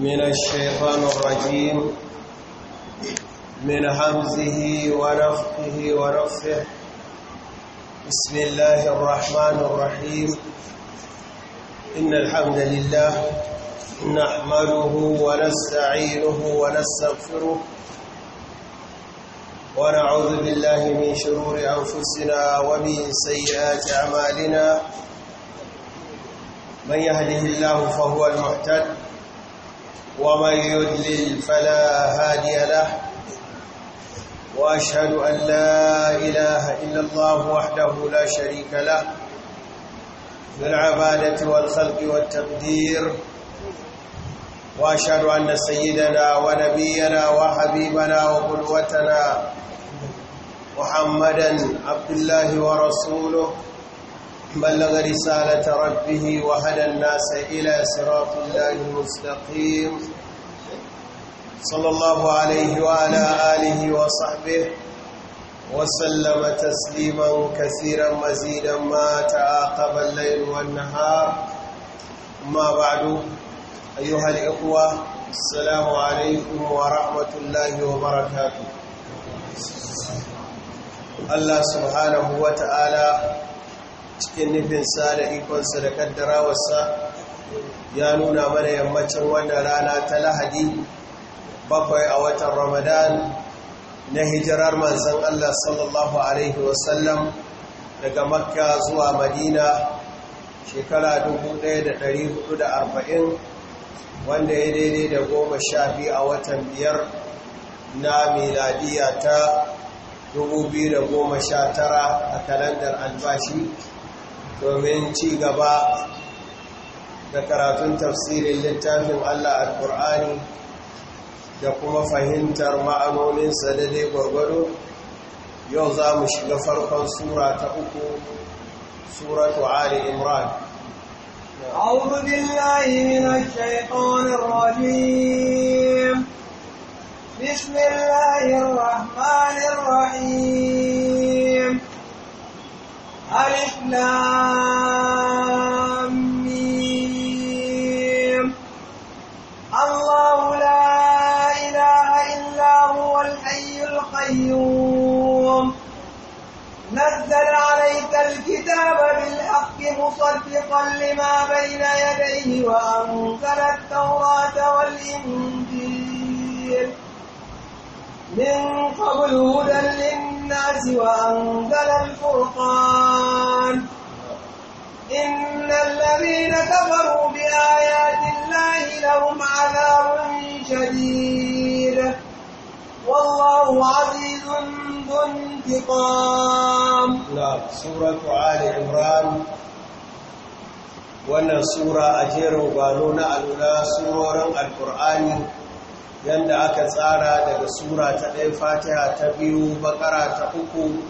من الشيطان الرجيم من همزه ونفقه ونفه بسم الله الرحمن الرحيم إن الحمد لله نحمده ونستعينه ونستغفره ونعوذ بالله من شرور أنفسنا ومن سيئات أعمالنا من يهده الله فهو المحتد ومن يدلل فلا هادي له وأشهد أن لا إله إلا الله وحده لا شريك له في العبادة والخلق والتقدير وأشهد أن سيدنا ونبينا وحبيبنا وقدوتنا محمدا عبد الله ورسوله بلغ رسالة ربه وهدى الناس إلى صراط الله المستقيم صلى الله عليه وعلى آله وصحبه وسلم تسليما كثيرا مزيدا ما تعاقب الليل والنهار ما بعد أيها الإخوة السلام عليكم ورحمة الله وبركاته الله سبحانه وتعالى cikin nufinsa da ikonsa da kaddarawarsa ya nuna mana yammacin wannan rana ta lahadi bakwai a watan ramadan na hijirar manzan Allah sallallahu Alaihi wasallam daga makka zuwa madina shekara 1440 wanda ya daidai da goma sha biyu a watan biyar na miladiya ta 2019 a kalandar albashi domin ci gaba da karatun tafsirin littafin Allah al-Qur'ani da kuma fahimtar ma'anoninsa da dai gwargwado yau za mu shiga farkon sura ta uku suratu Ali Imran أعوذ بالله من الشيطان الرجيم بسم الله الرحمن الرحيم ألف لام الله لا إله إلا هو الحي القيوم نزل عليك الكتاب بالحق مصدقا لما بين يديه وأنزل التوراة والإنجيل من قبل هدى للناس وأنزل الفرقان إن الذين كفروا بآيات الله لهم عذاب شديد والله عزيز ذو انتقام نعم سورة آل عمران wannan sura a jerin gwano na alula surorin alkur'ani yadda aka tsara daga sura ta ɗaya fatiha ta biyu bakara ta uku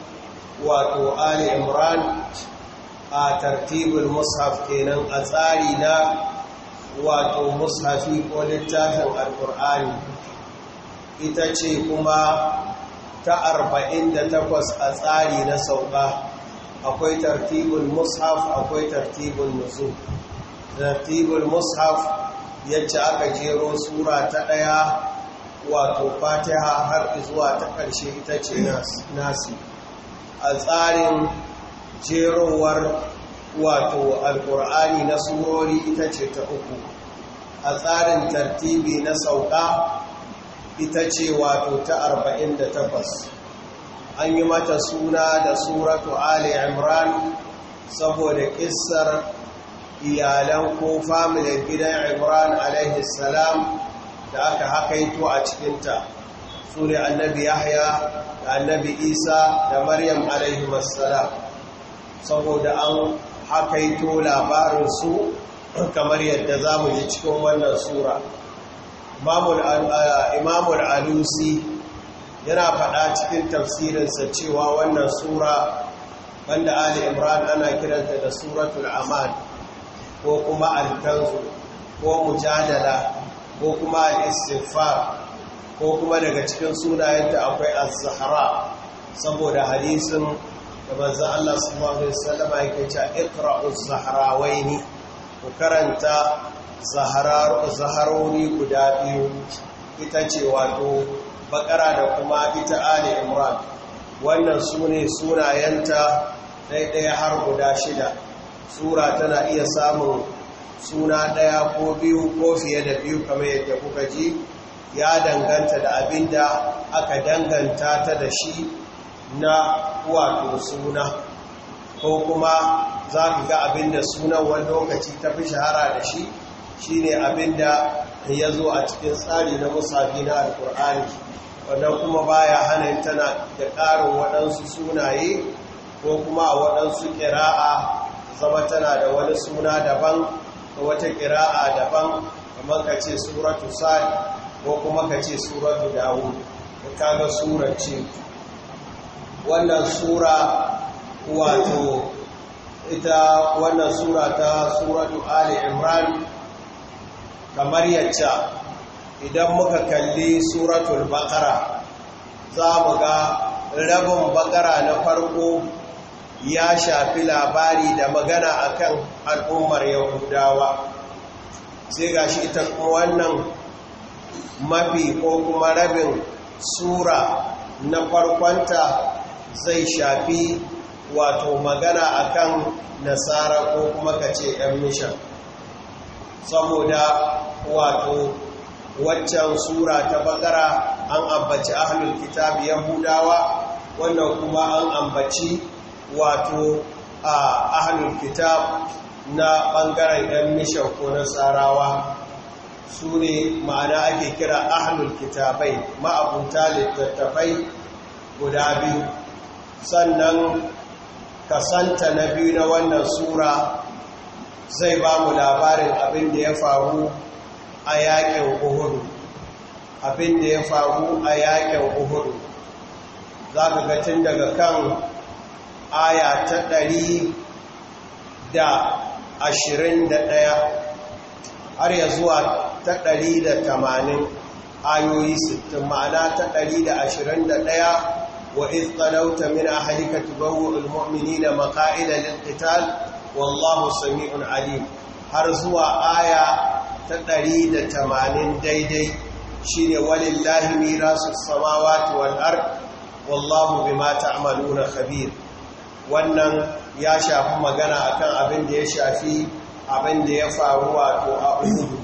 wato ali imran a tartibul mushaf kenan a tsari na wato mushafi ko littafin alkur'ani ita ce kuma ta arba'in da takwas a tsari na sauka akwai tartibul mushaf akwai tartibul musu tartibul mushaf yacce aka jero sura ta ɗaya wato fatiha har zuwa ta ƙarshe ita ce nasi a tsarin jerowar wato alƙur'ani na surori ita ce ta uku a tsarin tartibi na sauka ita ce wato ta arba'in da takwas. an yi mata suna da suratu ali imran saboda ƙisar iyalan ko familin gidan Ibrahim alaihi salam da aka hakaito a cikinta su ne annabi yahya da annabi isa da maryam alaihi salam saboda an hakaito labarinsu kamar yadda za mu yi cikin wannan sura imamul alusi yana faɗa cikin tafsirinsa cewa wannan sura banda ali imran ana kiranta da suratul amani ko kuma alkanzu ko mujadala ko kuma istighfar ko kuma daga cikin sunayenta akwai az-zahra saboda hadisin da manzo Allah subhanahu alaihi wasallam yake cewa iqra'u az-zahrawaini ku karanta zahararu zaharuni guda biyu ita ce wato bakara da kuma ita ali imran wannan sune sunayenta daidai har guda shida sura tana iya samun suna ɗaya ko biyu ko fiye da biyu kamar yadda kuka ji ya danganta da abin da aka danganta ta da shi na wato suna ko kuma za ka ga abin da sunan wani lokaci ta fi shahara da shi shi ne abin da ya zo a cikin tsari na musafi na alkur'ani wadda kuma baya hana tana da ƙarin waɗansu sunaye ko kuma waɗansu ƙira'a zama tana da wani suna daban ko wata ƙira'a daban kamar ka ce suratu sa'i ko kuma ka ce suratu dawud ka ga surar ce wannan sura wato ita wannan sura ta suratu ali imran kamar yacca idan muka kalli suratul baqara za mu ga rabin baqara na farko ya shafi labari da magana akan al'ummar yahudawa sai ga shi ita wannan mafi ko kuma rabin sura na farkonta zai shafi wato magana akan nasara ko kuma kace yan mishan saboda wato waccan sura ta bakara an ambaci ahlul kitab yahudawa wannan kuma an ambaci wato a ahalin kitab na ɓangaren 'yan mishan ko na tsarawa su ne ma'ana ake kira ahalin kitabai ma'abuta littattafai guda biyu sannan kasanta na biyu na wannan sura zai ba mu labarin abin da ya faru a yakin Uhuru, abin da ya faru a yakin Uhuru, za ka tun daga kan aya ta ɗari da ashirin da ɗaya har ya zuwa ta ɗari da tamanin ayoyi sittin ma'ana ta ɗari da ashirin da ɗaya wa izqalauta min ahlika tubawwu almu'minina maqa'ida lilqital wallahu sami'un alim har zuwa aya ta ɗari da tamanin daidai shine walillahi mirasu samawati wal ard wallahu bima na khabir wannan ya shafi magana akan abin da ya shafi abin da ya faru wato a uhudu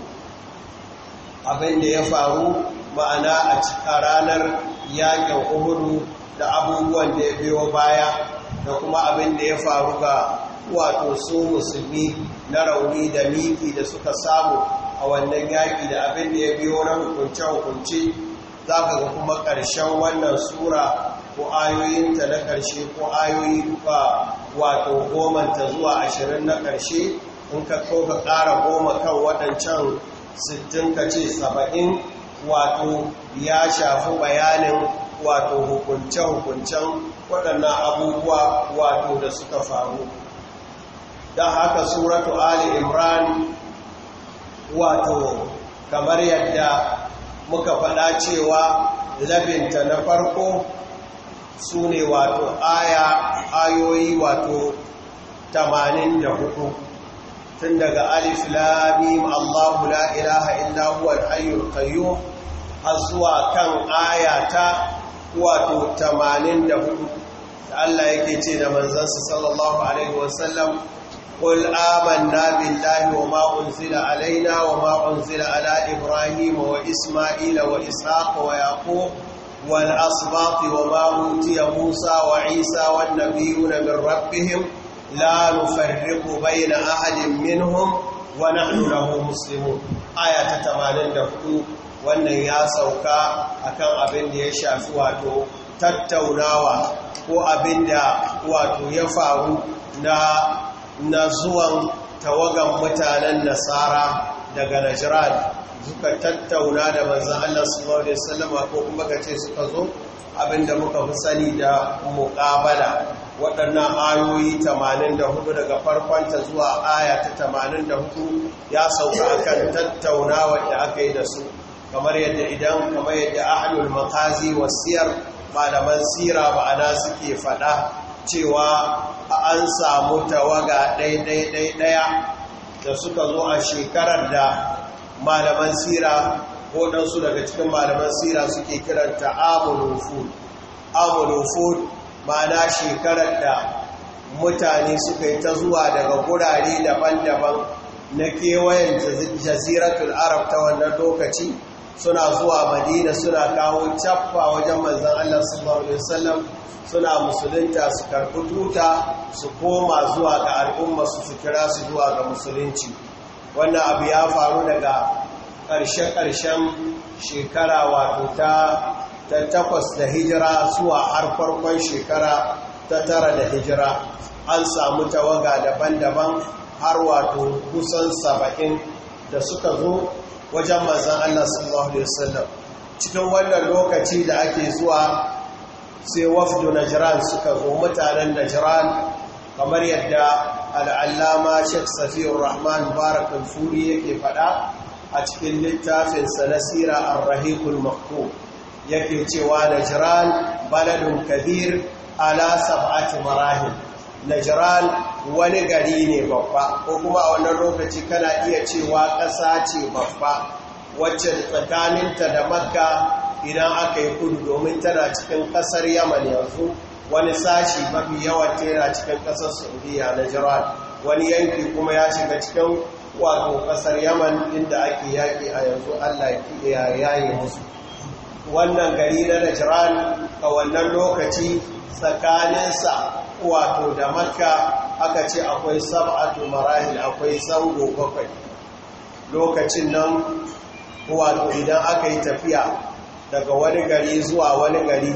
abin da ya faru ma'ana a ranar yakin uhudu da abubuwan da ya biyo baya da kuma abin da ya faru ga wato su musulmi na rauni da miki da suka samu a wannan yaƙi da abin da ya biyo na hukunce-hukunce za ka ga kuma ƙarshen wannan sura ko ayoyinta na ƙarshe ko ayoyi ba wato gomanta zuwa ashirin na ƙarshe in ka ko ka ƙara goma kan waɗancan sittin ka ce saba'in wato ya shafi bayanin wato hukunce-hukuncen waɗannan abubuwa wato da suka faru don haka suratu ali imran wato kamar yadda muka faɗa cewa labinta na farko su ne wato aya ayoyi wato 84 tun daga alif lamim allahu la ilaha illa huwa al-hayyul qayyum har zuwa kan ta wato 84 da Allah yake ce da manzansa sallallahu alaihi wasallam قل آمنا بالله وما أنزل علينا وما أنزل على إبراهيم وإسماعيل وإسحاق ويعقوب والأصباط وما أوتي موسى وعيسى والنبيون من ربهم لا نفرق بين أحد منهم ونحن له مسلمون آية 84 wannan ya sauka akan abin da ya shafi wato tattaunawa ko abin da wato ya faru na zuwan tawagan mutanen nasara daga najran suka tattauna da manzon Allah sallallahu alaihi wasallam ko kuma kace suka zo abinda muka fi sani da muqabala waɗannan ayoyi 84 daga farkonta zuwa aya ta 84 ya sauka akan tattaunawa da aka yi da su kamar yadda idan kamar yadda ahlul maqazi wasiyar malaman sira ma'ana suke fada cewa an samu tawaga ɗaya ɗaya ɗaya da suka zo a shekarar da malaman sira ko ɗansu daga cikin malaman sira suke kiranta amulufud amulufud mana shekarar da mutane suka yi ta zuwa daga gurare daban-daban na kewayen jaziratul arab ta wannan lokaci suna zuwa madina suna kawo cappa wajen manzan Allah sallallahu suna musulunta su karɓi tuta su koma zuwa ga al'umma su su kira su zuwa ga musulunci wannan abu ya faru daga ƙarshe-ƙarshen shekara wato ta ta takwas da hijira zuwa har farkon shekara ta tara da hijira an samu tawaga daban-daban har wato kusan saba'in da suka zo wajen mazan Allah sallallahu Alaihi wasallam cikin wannan lokaci da ake zuwa sai wafdu jiran suka zo mutanen jiran kamar yadda al'allama sheikh safiyar rahman barakun furi yake fada a cikin littafinsa na sira arrahikul makko yake cewa jiran baladun kabir ala sab'ati marahim najiran wani gari ne babba ko kuma a wannan lokaci kana iya cewa ƙasa ce babba wacce tsakaninta da makka idan aka yi kudu domin tana cikin ƙasar yaman yanzu wani sashi mafi yawan tera cikin ƙasar saudiya najiran wani yanki kuma ya shiga cikin wato ƙasar yaman inda ake yaƙi a yanzu allah ya yaye musu wannan gari na najiran a wannan lokaci tsakaninsa wato da maka aka ce akwai sab'atu marahil akwai zango bakwai lokacin nan wato idan aka yi tafiya daga wani gari zuwa wani gari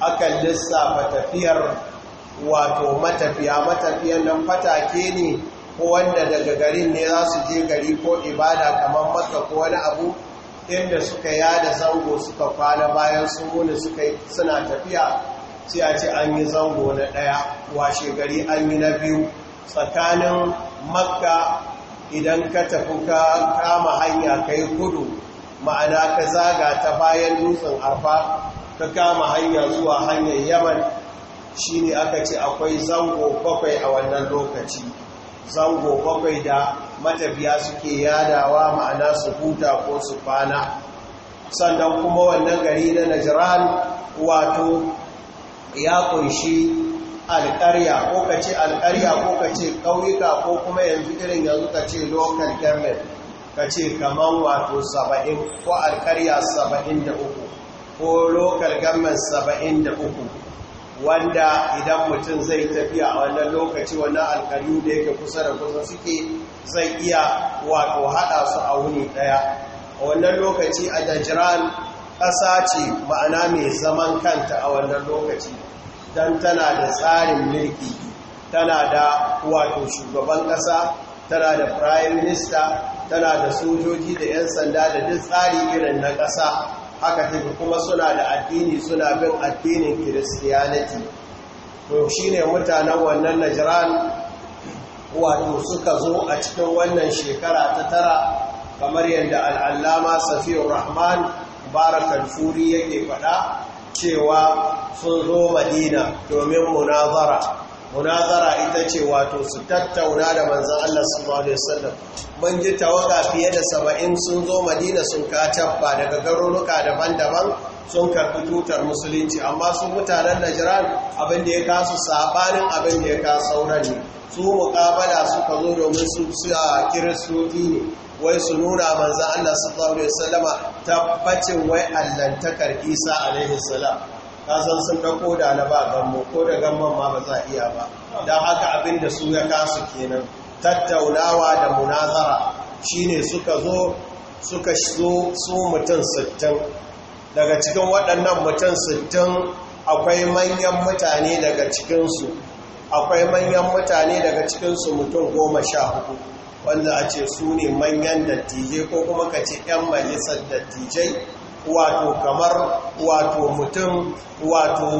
akan lissafa tafiyar wato matafiya matafiyan nan fatake ne ko wanda daga garin ne za su je gari ko ibada kamar maka ko wani abu inda suka yada zango suka kwana bayan sun wuni suna tafiya sai a ce an yi zango na ɗaya washe gari an yi na biyu tsakanin makka idan ka tafi ka kama hanya ka yi kudu ma'ana ka zaga ta bayan dutsen arfa ka kama hanya zuwa hanyar yaman shi ne aka ce akwai zango bakwai a wannan lokaci zango bakwai da matafiya suke yadawa ma'ana su huta ko su kwana sannan kuma wannan gari na najiran wato ya kunshi alkarya ko ka ce alƙarya ko ka ce ƙauyuka ko kuma yanzu irin yanzu ka ce local government ka ce kamar wato saba'in ko alƙarya saba'in da uku ko local government saba'in da uku wanda idan mutum zai tafiya a wannan lokaci wannan alƙaryu da yake kusa da kusa suke zai iya wato haɗa su a wuni ɗaya a wannan lokaci a dajiran ƙasa ce ma'ana mai zaman kanta a wannan lokaci don tana da tsarin mulki tana da wato shugaban ƙasa tana da prime minister tana da sojoji da 'yan sanda da duk tsari irin na ƙasa haka take kuma suna da addini suna bin addinin kiristiyaniti to shi ne mutanen wannan najiran wato suka zo a cikin wannan shekara ta tara kamar yadda al'allama safiyar rahman al furi yake faɗa cewa sun zo madina domin munazara munazara ita ce wato su tattauna da manzan Allah sallallahu mun ji tawaka fiye da saba'in sun zo madina sun ka tabba. daga garuruka daban-daban sun karɓi tutar musulunci amma su mutanen najiran abin da ya kasu sabanin abin ya kasu sauran ne su mukabala suka zo domin su kiristoci ne wai su nuna manzan Allah sallallahu alaihi wasallama tabbacin wai allantakar Isa alaihi salam kasan sun dauko da ba gammo ko da gamman ma ba za iya ba don haka abin da su ya kasu kenan tattaunawa da munazara shine suka zo suka zo su mutum sittin daga cikin waɗannan mutum sittin akwai manyan mutane daga cikinsu akwai manyan mutane daga cikinsu mutum goma sha hudu wanda a ce su ne manyan dattijai ko kuma ka ce 'yan majalisar dattijai wato kamar wato mutum wato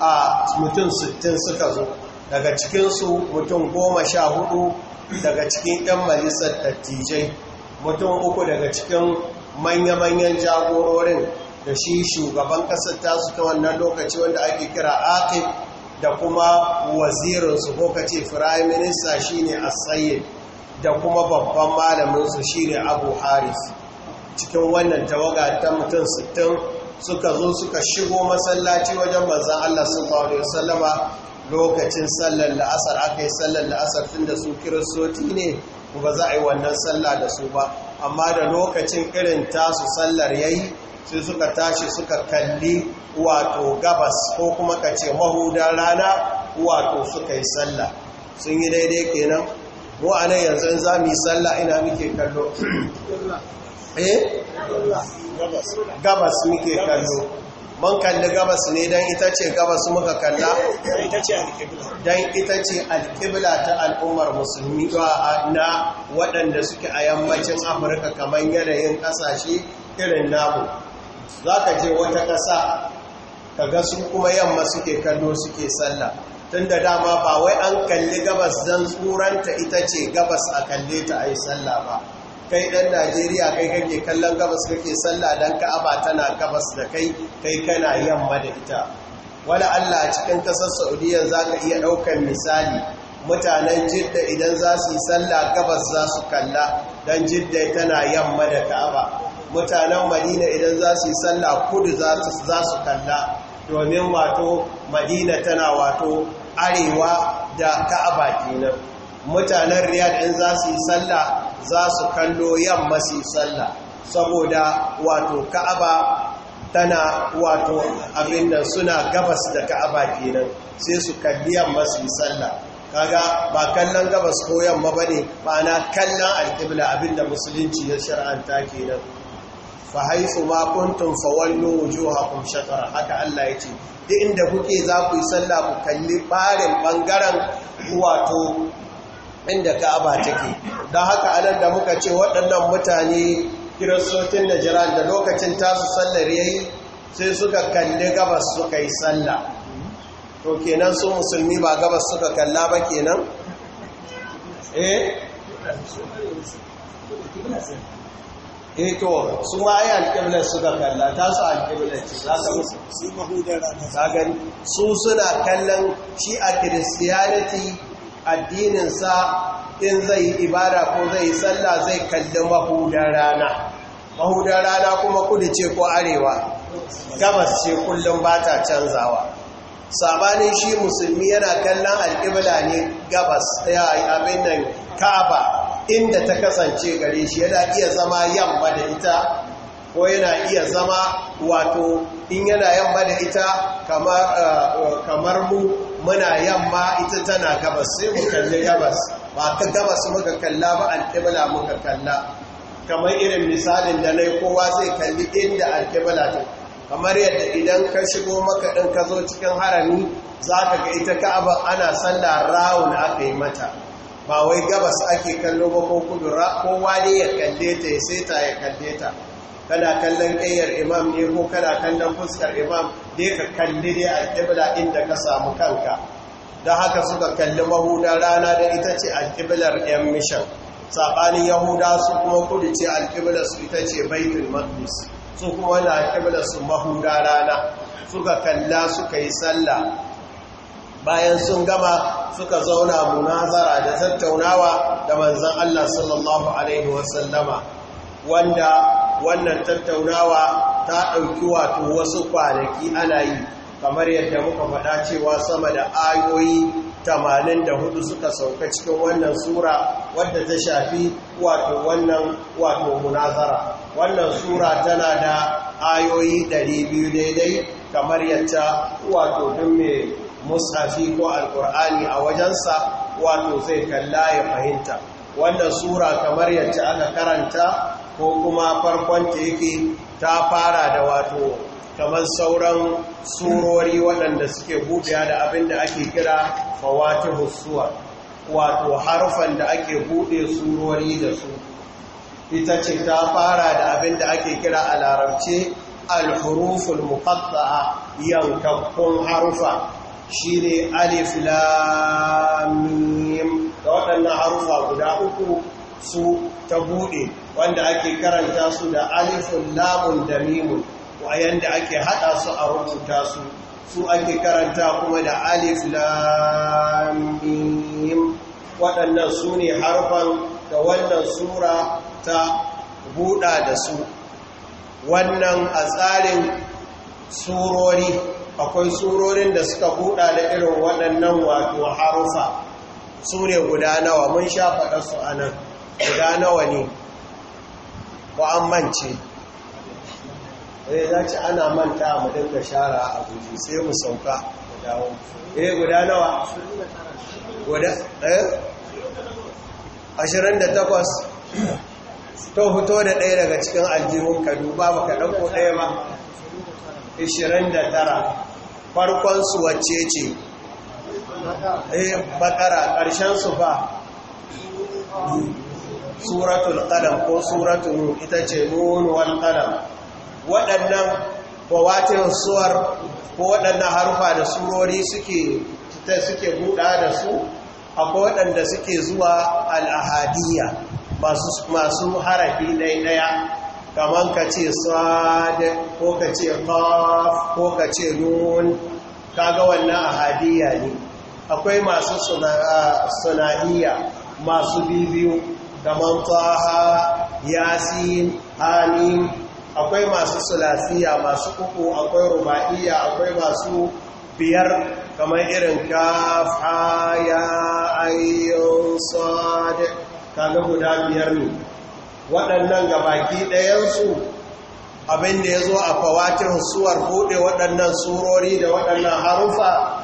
a mutum sittin suka zo daga cikinsu mutum goma sha hudu daga cikin 'yan majalisar dattijai mutum uku daga cikin manya-manyan jagororin da shi shugaban ƙasar su ta wannan lokaci wanda ake kira akif da kuma wazirinsu ko ka ce firayim minista shine asayin da kuma babban malaminsu shi ne abu haris cikin wannan tawaga ta mutum sittin suka zo suka shigo masallaci wajen manzan Allah sallallahu Alaihi salama lokacin sallar la'asar aka yi sallar la'asar tun da su kiristoci ne ba za a yi wannan sallah da su ba amma da lokacin irin tasu sallar ya yi, sai suka tashi suka kalli wato gabas ko kuma ka ce mahudan rana wato suka yi sallah sun yi daidai kenan mu a nan yanzu in za mu yi sallah ina muke kallo eh gabas muke kallo mun kalli gabas ne don ita ce gabas muka kalla don ita ce alƙibla ta al'ummar musulmi na waɗanda suke a yammacin afirka kamar yanayin ƙasashe irin namu za ka je wata ƙasa ka ga su kuma yamma suke kallo suke sallah tun da dama ba wai an kalli gabas don tsoranta ita ce gabas a kalle ta a yi sallah ba kai dan najeriya kai kake kallon gabas kake sallah don ka'aba tana gabas da kai kai kana yamma da ita wani allah a cikin ƙasar saudiya za ka iya ɗaukar misali mutanen jidda idan za su yi sallah gabas za su kalla don jidda tana yamma da ka'aba mutanen madina idan za su yi sallah kudu za su kalla domin wato madina tana wato arewa da ka'aba kenan mutanen riyad in za su yi sallah za su kallo yamma su yi sallah saboda wato ka'aba tana wato abin da suna gabas da ka'aba kenan sai su kalli yamma su yi sallah kaga ba kallon gabas ko yamma ba bane na kallon alkibla abin da musulunci ya shar'anta kenan fa haifu ma kuntum fa wallu wujuhakum shatara haka Allah yace duk inda kuke za ku yi sallah ku kalli barin bangaren wato inda Ka'aba take dan haka anan da muka ce waɗannan mutane kiristocin Najran da lokacin tasu sallar yayi sai suka kalli gabas suka yi sallah to kenan su musulmi ba gabas suka kalla ba kenan eh e to su ma ai suka kalla ta su alƙibla ce za ka musu su mahudara ta gani su suna kallon shi a christianity addininsa in zai yi ibada ko zai yi sallah zai kalli mahudar rana mahudar rana kuma kudu ce ko arewa gabas ce kullum ba ta canzawa sabanin shi musulmi yana kallon alƙibla ne gabas ya abin nan ka'aba inda ta kasance gare shi yana iya zama yamma da ita ko yana iya zama wato in yana yamma da ita eh, kamar mu muna yamma ita tana gabas sai mu kalli gabas ba ta gabas muka kalla ba alƙibla muka kalla kamar irin misalin da nai kowa zai kalli inda alƙibla ta kamar yadda idan ka shigo maka ɗin ka zo cikin harami za ka ga ita ka'aba ana sallah rawun aka yi mata ba wai gabas ake kallo ba ko kudura Ko wani ya kalle ta ya saita ya kalle ta kana kallon ƙayyar imam ne ko kana kallon fuskar imam dai ka kalli dai alƙibla inda ka samu kanka don haka suka kalli mahuda rana da ita ce alƙiblar yan mishan saɓanin yahuda su kuma kudu ce alƙiblar su ita ce baitul maqdis su kuma wani alƙiblar su mahuda rana suka kalla suka yi sallah bayan sun gama suka zauna munazara da tattaunawa da manzan Allah sallallahu Alaihi wasallama wanda wannan tattaunawa ta ɗauki wato wasu kwanaki ana yi kamar yadda muka faɗa cewa sama da ayoyi hudu suka sauka cikin wannan sura wadda ta shafi wato wannan wato munazara wannan sura tana da ayoyi 200 daidai kamar yadda wato mai mus'afi ko alkur'ani a wajensa wato zai kalla ya fahimta wannan sura kamar yadda aka karanta ko kuma farkonta yake ta fara da wato kamar sauran surori waɗanda suke buɗewa da abin da ake kira fawatihu suwar wato harufan da ake buɗe surori da su ita ce ta fara da abin da ake kira a larabce alhuruful muqatta'a yankakkun harufa shi ne alif lamim da waɗannan harufa guda uku su ta buɗe wanda ake karanta su da alifin lamun da mimun wayan da ake haɗa su a rubuta su su ake karanta kuma da alif lamim waɗannan su ne harfan da wannan sura ta buɗa da su wannan a tsarin surori akwai surorin da suka buɗa da irin waɗannan wato harufa su ne guda nawa mun sha faɗa su a nan guda nawa ne ko an mance ɗaya eh, za ci ana manta mu da shara a guji sai mu sauka mu dawo eh, guda nawa guda ɗaya eh? ashirin da takwas to fito da ɗaya daga cikin aljihun kadu ba ba ka ɗauko ɗaya ba 29 farkon su wacce ce eh bakara ƙarshen su ba suratul qalam ko suratul ita ce nun wal qalam waɗannan bawatin suwar ko waɗannan harfa da surori suke ta suke buɗa da su akwai waɗanda suke zuwa al'ahadiyya masu harafi ɗaya kamar ka ce sad ko ka ce kaf ko ka ce nun kaga wannan ahadiyya ne akwai masu sunaiya masu bibiyu kamar taha yasin hamim akwai masu sulasiya masu uku akwai rubaiya akwai masu biyar kamar irin kaf ha ya ayyun sad kaga guda biyar ne waɗannan gabaki ɗayansu abinda ya zo a fawacin suwar buɗe waɗannan surori da waɗannan harufa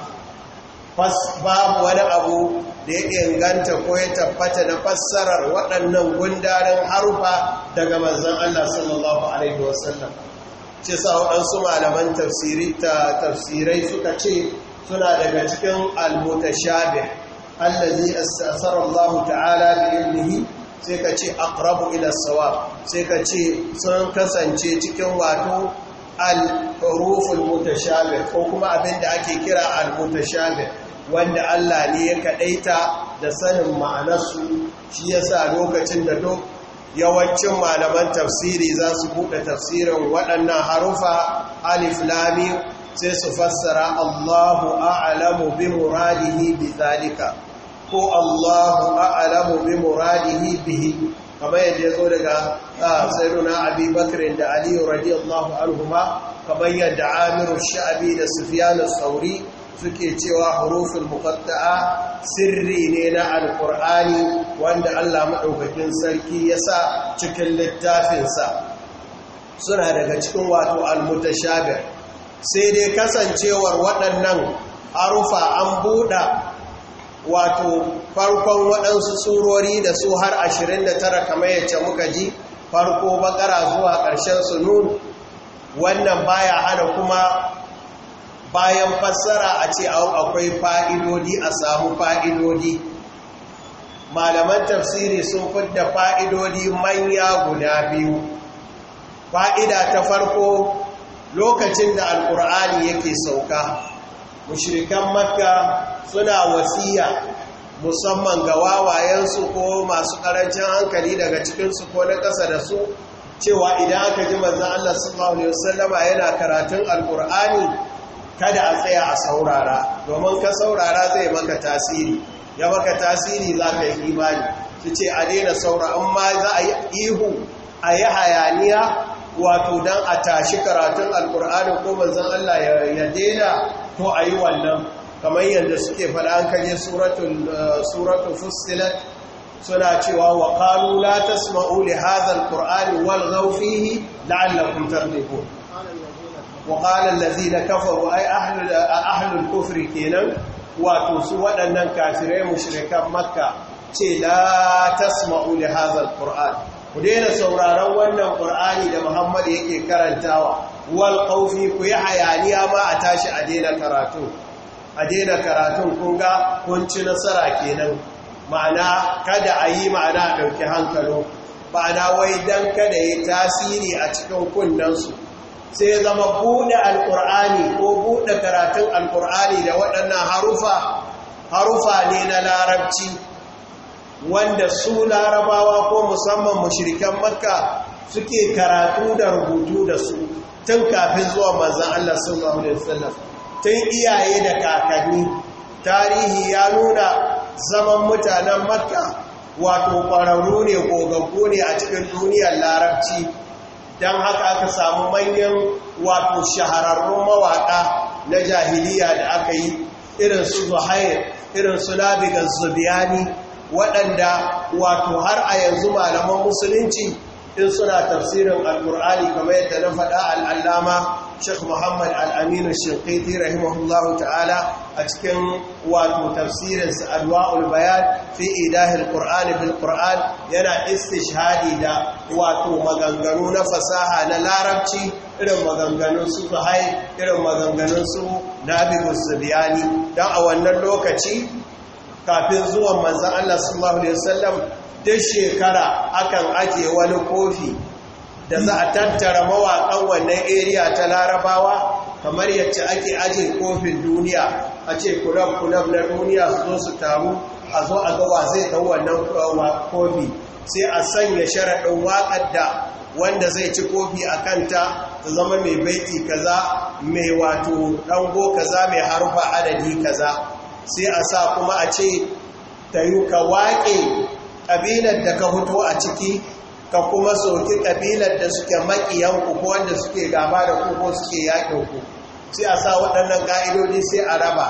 babu wani abu da ya inganta ko ya tabbata na fassarar waɗannan gundarin harufa daga manzan Allah sallallahu Alaihi wasallam ce sa waɗansu malaman tafsirai suka ce suna daga cikin almutashabih allazi astasarar Allah ta'ala bi ilmihi sai ka ce aqrabu ila sawab sai ka ce sun kasance cikin wato al-huruful mutashabih ko kuma abin da ake kira al-mutashabih wanda Allah ne ya kadaita da sanin ma'anarsu shi yasa lokacin da duk yawancin malaman tafsiri za su buɗe tafsirin waɗannan harufa alif lami sai su fassara Allahu a'lamu bi muradihi bi zalika ko Allahu a'lamu bi muradihi bihi kamar yadda ya zo daga ah, sayyiduna Abi Bakr da Ali radiyallahu anhuma kamar yadda Amir Shabi da Sufyan al-Thawri suke cewa huruful muqatta'a sirri ne na al-Qur'ani wanda Allah madaukakin sarki ya sa cikin littafinsa suna daga cikin wato al-mutashabih sai dai kasancewar waɗannan harufa an buɗa wato farkon waɗansu surori da su har ashirin da 29 kamar yace muka ji farko bakara zuwa ƙarshen su nun wannan baya hana kuma bayan fassara a ce akwai fa'idodi a samu fa'idodi malaman tafsiri sun fidda fa'idodi manya guda biyu fa'ida ta farko lokacin da alƙur'ani yake sauka Mushirikan makka suna wasiya musamman ga wawayensu ko masu karancin hankali daga cikinsu ko na ƙasa da su cewa idan aka ji manzan Allah sallallahu Alaihi wasallama yana karatun alkur'ani kada a tsaya a saurara domin ka saurara zai maka tasiri ya maka tasiri za ka yi imani su ce a daina saura in ma za a yi ihu a yi hayaniya wato don a tashi karatun alkur'ani ko manzan Allah ya daina Ko a yi wannan kamar yadda suke faɗa an kaje suratun uh, fussilat suna cewa wa ƙaru la ta sma'u li hazal ƙur'ani wal gaufihi la'allakun ku. wa ƙalar lazi na kafaru ai ahlul kufri kenan wato su waɗannan kafirai mushrikan makka ce la ta sma'u li ƙur'ani ku daina sauraron wannan ƙur'ani da muhammad yake karantawa wal ƙaufi ku yi hayaniya ma a tashi a daina karatu a daina karatun kunga kun ci nasara kenan ma'ana kada a yi ma'ana a ɗauki hankalo ma'ana wai don kada yi tasiri a cikin kunnensu sai zama buɗe alƙur'ani ko buɗe karatun alƙur'ani da waɗannan harufa harufa ne na larabci wanda su larabawa ko musamman mashirikan makka suke karatu da rubutu da su tun kafin zuwa manzan Allah sallallahu alaihi sallar tun iyaye da kakanni tarihi ya nuna zaman mutanen makka wato ƙwararru ne gogaggo ne a cikin duniyar larabci don haka aka samu manyan wato shahararrun mawaƙa na jahiliya da aka yi irin su zuhair irin su labigar zubiyani waɗanda wato har a yanzu malaman musulunci in suna tafsirin alkur'ani kamar yadda na faɗa al'allama sheikh muhammad al'aminu shirkiti rahimahullahu ta'ala a cikin wato tafsirinsa adwa'ul bayan fi idahil qur'ani bil qur'an yana istishhadi da wato maganganu na fasaha na larabci irin maganganun su irin maganganun su nabi musubiyani don a wannan lokaci kafin zuwan manzan Allah sallallahu Alaihi wasallam da shekara akan ajiye wani kofi da za a tattara mawaƙan wannan area ta larabawa kamar yadda ake ajiye kofin duniya a ce kulab-kulab na duniya su zo su taru a zo a gawa zai ɗau wannan uh, kofi sai a sanya sharaɗin waƙar da wanda zai ci kofi a kanta ta zama mai baiti kaza mai wato ɗango kaza mai harfa adadi kaza sai a sa kuma a ce ta yi ka waƙe ƙabilar da ka fito a ciki ka kuma sauƙi ƙabilar da suke maƙiyanku ko wanda suke gaba da ku suke yaƙin ku. sai a sa waɗannan ga'idodi sai a raba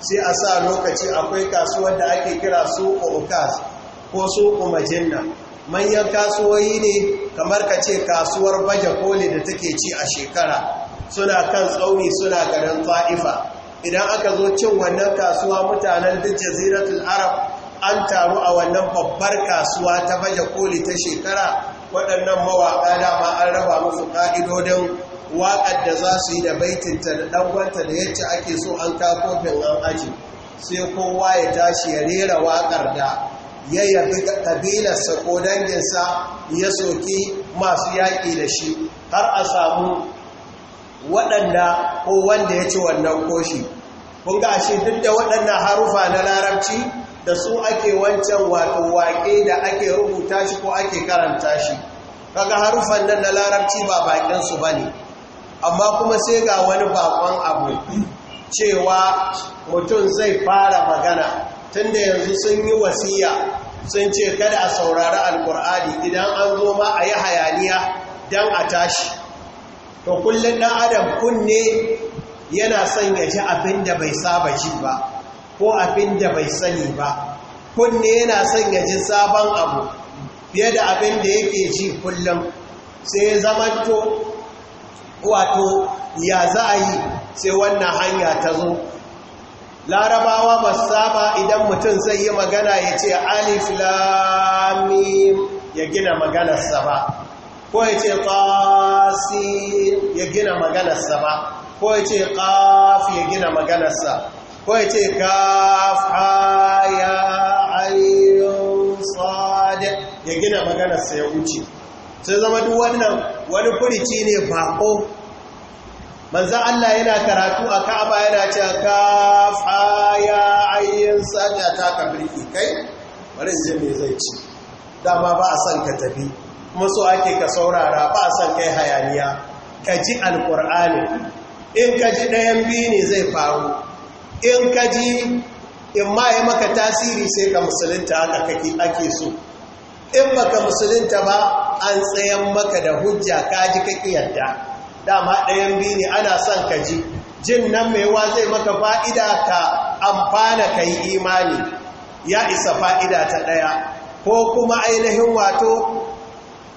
sai a sa lokaci akwai kasuwar da ake kira su ukas ko suƙo majinna manyan kasuwoyi ne kamar ka ce kasuwar baje koli da take ci a shekara suna kan tsauni suna garin ta'ifa idan aka zo cin wannan kasuwa mutanen duk jaziratul arab an taru a wannan babbar kasuwa ta baje koli ta shekara waɗannan mawaƙa dama an raba musu ƙa'idodin waƙar da za su yi da baitinta da ɗangwanta da yacce ake so an kofin an aji sai kowa ya tashi ya rera waƙar da ya yabi ƙabilarsa ko danginsa ya soki masu yaƙi da shi har a samu waɗanda ko wanda ya ci wannan koshi kun ga ashe duk da waɗannan harufa na larabci da su ake wancan wato waƙe da ake rubuta shi ko ake karanta shi kaga harufan nan na larabci ba baƙinsu ba ne amma kuma sai ga wani baƙon abu cewa mutum zai fara magana tunda yanzu sun yi wasiya sun ce kada a saurari alkur'ani idan an zo ma a yi hayaniya don a tashi to kullum ɗan adam kunne yana son ya ji abin da bai saba ji ba ko abin da bai sani ba kunne yana son ya ji sabon abu fiye da abin da yake ji kullum sai ya to wato ya za a yi sai wannan hanya ta zo larabawa ba saba idan mutum zai yi magana ya ce alif lamim ya gina maganarsa ba ko ya ce ƙasi ya gina maganarsa ba ko ya ce ƙaf ya gina maganarsa ko ya ce ƙaf ya ayyun sadi ya gina maganarsa ya wuce sai zama duk wannan wani furici ne bako manzan Allah yana karatu a ka'aba yana ce ƙaf ya ayyun sadi ta kamar kai marin je zai ci dama ba a son ka tafi kuma so ake ka saurara ba san kai hayaniya ka ji alkur'ani in ka ji ɗayan biyu ne zai faru in ka ji in ma yi maka tasiri sai ka musulunta haka kake ake so in baka musulunta ba an tsayan maka da hujja ka ji kake yadda dama ɗayan biyu ne ana son ka ji jin nan wa zai maka fa'ida ka amfana ka yi imani ya isa fa'ida ta ɗaya ko kuma ainihin wato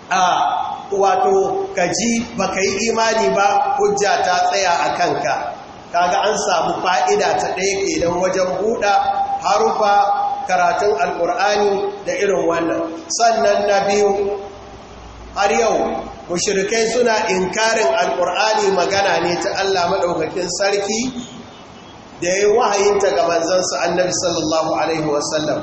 a wato kaji ka yi imani ba hujja ta tsaya a kanka kaga an samu fa'ida ta ɗaya don wajen buɗa harufa karatun alƙur'ani da irin wannan sannan na biyu har yau mushirikai suna inkarin alƙur'ani magana ne ta Allah maɗaukakin sarki da ya yi wahayinta ga manzansa annabi sallallahu alaihi wasallam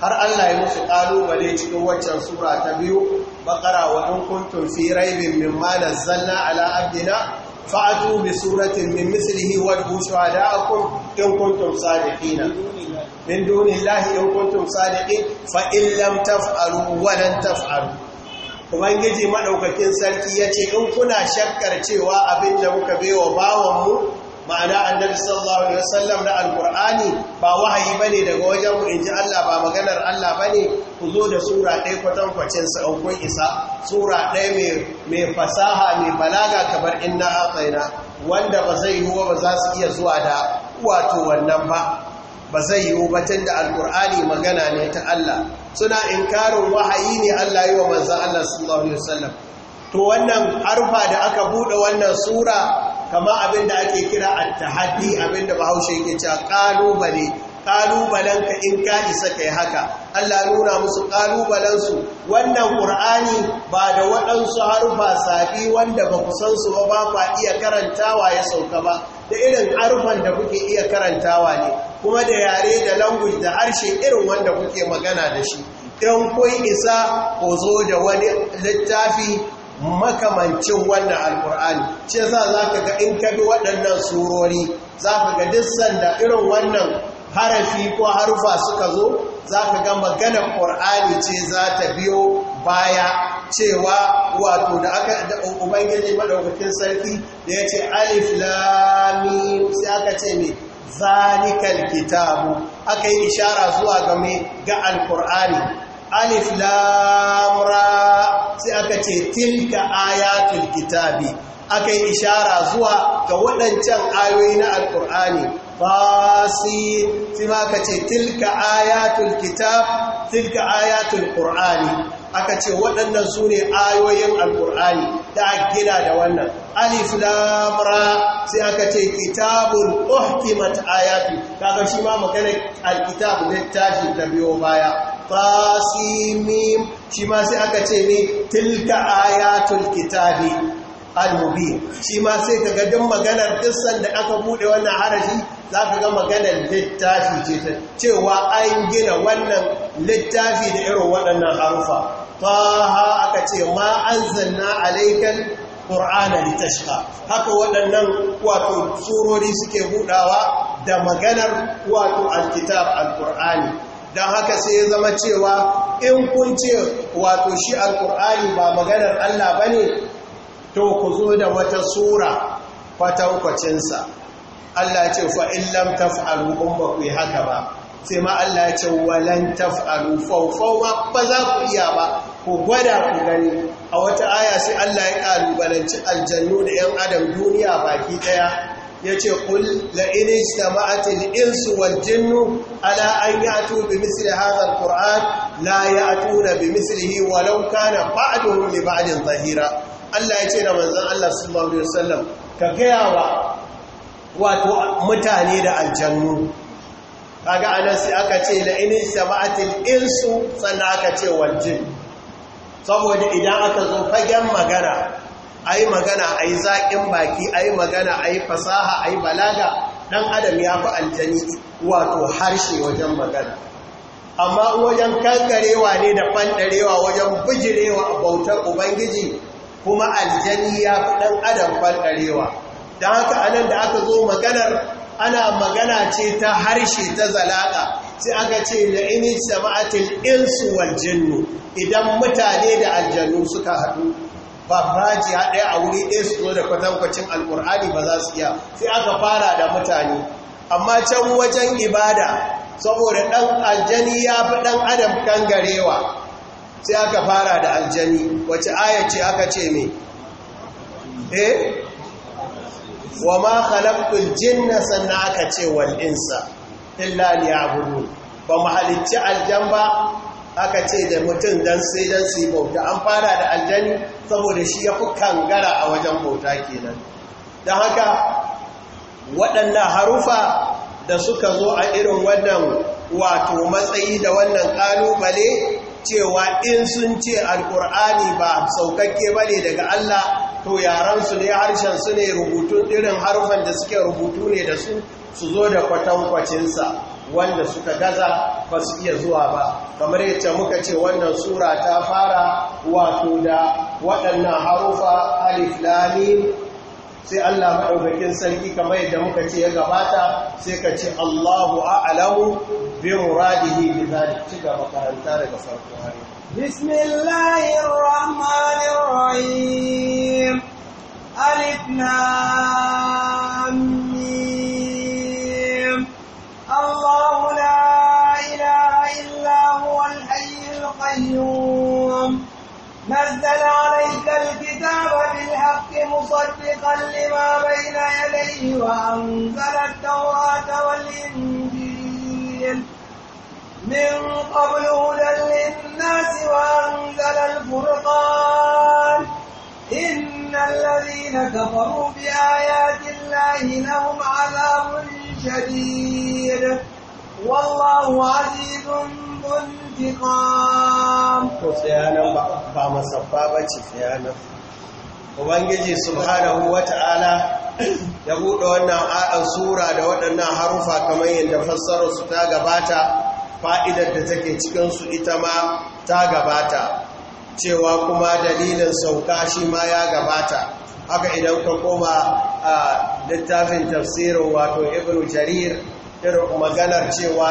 har Allah ya musu ƙalubale cikin waccan sura ta biyu baqara wa in kuntum fi raibin mimma nazzalna ala abdina fa'atu bi suratin min mislihi wad'u shuhada'akum in kuntum sadiqin min dunillahi in kuntum sadiqin fa in lam taf'alu wa lan taf'alu ubangiji madaukakin sarki yace in kuna shakkar cewa abin da muka baiwa bawanmu ma'ana annabi sallallahu alaihi wasallam na Alkur'ani ba wahayi bane daga wajen mu inji Allah ba maganar Allah bane ku zo da sura ɗaya kwatan kwacin sa'aukun isa sura ɗaya mai fasaha mai balaga kamar inna atayna wanda ba zai yiwu ba za su iya zuwa da wato wannan ba ba zai yiwu ba tunda Alkur'ani magana ne ta Allah suna inkarin wahayi ne Allah yi wa manzon Allah sallallahu alaihi wasallam to wannan harfa da aka buɗe wannan sura kama abinda ake kira attahaddi abinda bahaushe yake cewa kalubale kalubalen ka in ka isa kai haka Allah nuna musu kalubalen su wannan qur'ani ba da waɗansu harfa sabi wanda ba ku san su ba ba iya karantawa ya sauka ba da irin harfan da kuke iya karantawa ne kuma da yare da language da harshe irin wanda kuke magana da shi don kun isa ko zo da wani littafi makamancin wannan alkur'ani ce za za ka ga in ka bi waɗannan surori za ka ga dissan da irin wannan harafi ko harufa suka zo za ka ga maganar ƙur'ani ce za ta biyo baya cewa wato da aka da ubangiji maɗaukakin sarki da ya ce alif Lami sai aka ce mai zanikar kitabu aka yi ishara zuwa game ga alkur'ani alif lamra sai aka ce tilka ayatul kitabi aka yi ishara zuwa ga waɗancan ayoyi na alkur'ani fasi sai ma ka ce tilka ayatul kitab tilka ayatul ƙurani aka ce waɗannan su ne ayoyin alƙur'ani da gina da wannan alif lamra sai aka ce kitabun uhkimat ayatu kaga shi ma magana alkitab da ta biyo baya fasimim shi ma sai aka ce ne tilka ayatul kitabi al-mubin shi ma sai ka ga maganar kissan da aka bude wannan harashi za ka ga maganar littafi ce ta cewa an gina wannan littafi da irin waɗannan harufa taha aka ce ma an zanna anzalna alaikal ta shiga. haka waɗannan wato surori suke hudawa da maganar wato alkitab alqur'ani Don haka sai ya zama cewa in kun ce wato shi alqur'ani ba maganar Allah ba ne? to ku zo da wata sura kwatankwacin hukacinsa, Allah ce fa in lam taf'alu in ba ku yi haka ba sai ma Allah ce walan taf'alu fawfawa ba za ku iya ba ku gwada ku gani a wata aya sai Allah ya kalubalanci aljannu da ‘yan adam duniya baki daya ya ce kul la'ini jama'atin insu wal jinnu ala an ya atu bi misli hazal qur'an la ya atu na bi mislihi walau kana ba'duhum li ba'din zahira Allah ya ce da manzon Allah sallallahu alaihi wasallam ka gaya wa wato mutane da aljannu kaga anan sai aka ce la'ini jama'atin insu sannan aka ce wal jinnu saboda idan aka zo fagen magana a magana ayi yi zaƙin baki a magana ayi fasaha ayi balaga ɗan adam ya fi aljani wato harshe wajen magana amma wajen kankarewa ne da fanɗarewa wajen bijirewa a bautar ubangiji kuma aljani ya fi ɗan adam fanɗarewa don haka anan da aka zo maganar ana magana ce ta harshe ta zalaka sai aka ce ini sama'atil insu wal jinnu idan mutane da aljannu suka haɗu ba haɗe a wuri ɗaya su zo da kwatankwacin alkur'ani ba za su iya sai aka fara da mutane amma can wajen ibada saboda ɗan aljani ya fi ɗan adam kangarewa sai aka fara da aljani wace aya ce aka ce me eh wa ma khalaqtul jinna sanna aka ce wal insa illa liya'budun ba mu halicci aljan ba aka ce da mutum dan sai dan su bauta an fara da aljani saboda shi ya fi kangara a wajen bauta kenan don haka waɗannan harufa da suka zo a irin wannan wato matsayi da wannan ƙalubale cewa in sun ce alkur'ani ba saukakke ba daga Allah to su ne harshen su ne rubutu irin harufan da suke rubutu ne da su su zo da kwatankwacinsa wanda suka gaza ba su iya zuwa ba kamar yadda muka ce wannan sura ta fara wato da waɗannan harufa alif lamim sai Allah maɗaukakin sarki kamar yadda muka ce ya gabata sai ka ce Allahu a'lamu bi muradihi bi zalik ci gaba karanta daga farko har بسم الله الرحمن الرحيم ألف ميم الله لا إله إلا هو الحي القيوم نزل عليك الكتاب بالحق مصدقا لما بين يديه وأنزل التوراة والإنجيل من قبل هدى للناس وأنزل الفرقان إن الذين كفروا بآيات الله لهم عذاب شديد والله عزيز ذو انتقام ba musaffa ba ce tsayanan ubangiji subhanahu wata'ala ya buɗe wannan ayan sura da waɗannan haruffa kamar yadda fassararsu ta gabata fa'idar da take cikinsu ita ma ta gabata cewa kuma dalilin sauka shi ma ya gabata haka idan ka koma a littafin tafsirin wato ibn jarir irin maganar cewa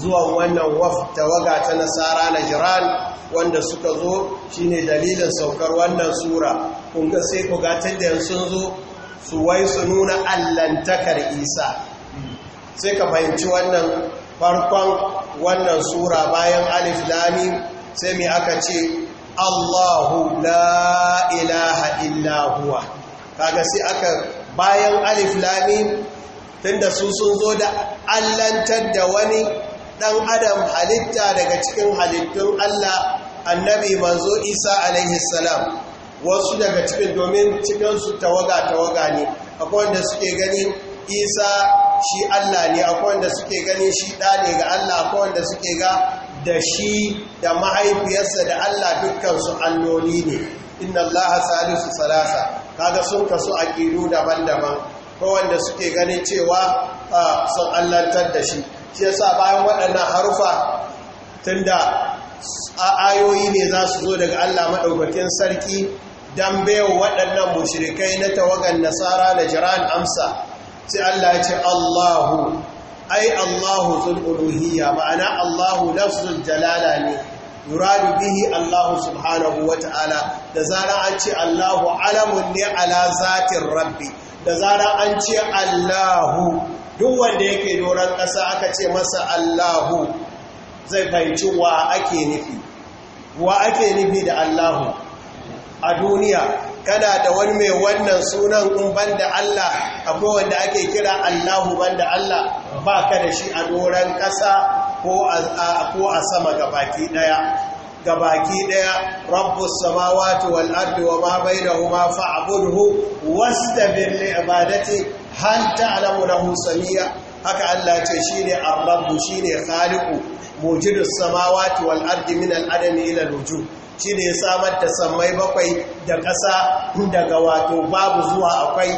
zuwan wannan waf tawaga ta nasara na jiran wanda suka zo shine dalilin saukar wannan sura ga sai ku ga tunda sun zo su wai su nuna allantakar isa sai ka fahimci wannan farkon wannan sura bayan alif lami sai mai aka ce Allahu la ilaha illa huwa kaga sai aka bayan alif tun tunda su sun zo da allantar da wani dan adam halitta daga cikin halittun Allah annabi manzo Isa alaihi salam wasu daga cikin domin cikinsu tawaga tawaga ne akwai wanda suke gani Isa shi Allah ne akwai wanda suke ganin shi ɗa ne ga Allah akwai wanda suke ga da shi da mahaifiyarsa da Allah dukkansu alloli ne inna Allah salisu salasa kaga sun kasu aqidu daban-daban ko wanda suke ganin cewa sun allantar da shi shi yasa bayan waɗannan harufa tunda ayoyi ne za su zo daga Allah madaukakin sarki dan bayo waɗannan mushrikai na tawagan nasara da jiran amsa sai Allah ya ce Allahu ai Allahu zul uluhiyya ma'ana Allahu lafzul jalala ne yuradu bihi Allahu subhanahu wata'ala da zara an ce Allahu alamun ne ala zatin rabbi da zara an ce Allahu duk wanda yake doron ƙasa aka ce masa Allahu zai fahimci wa ake nufi wa ake nufi da Allahu a duniya kana da wani mai wannan sunan in banda Allah akwai wanda ake kira Allahu banda Allah ba ka da shi a doron ƙasa ko a sama gabaki ɗaya gabaki ɗaya! rabbus samawati wal ardi wa ma bainahuma fa'budhu wastabir li ibadati hal ta'lamu lahu samia haka Allah ce shine ar shine khaliqu mujidus samawati wal ardi min al-adami ila al-wujud shi ne samar da samai bakwai da ƙasa daga wato babu zuwa akwai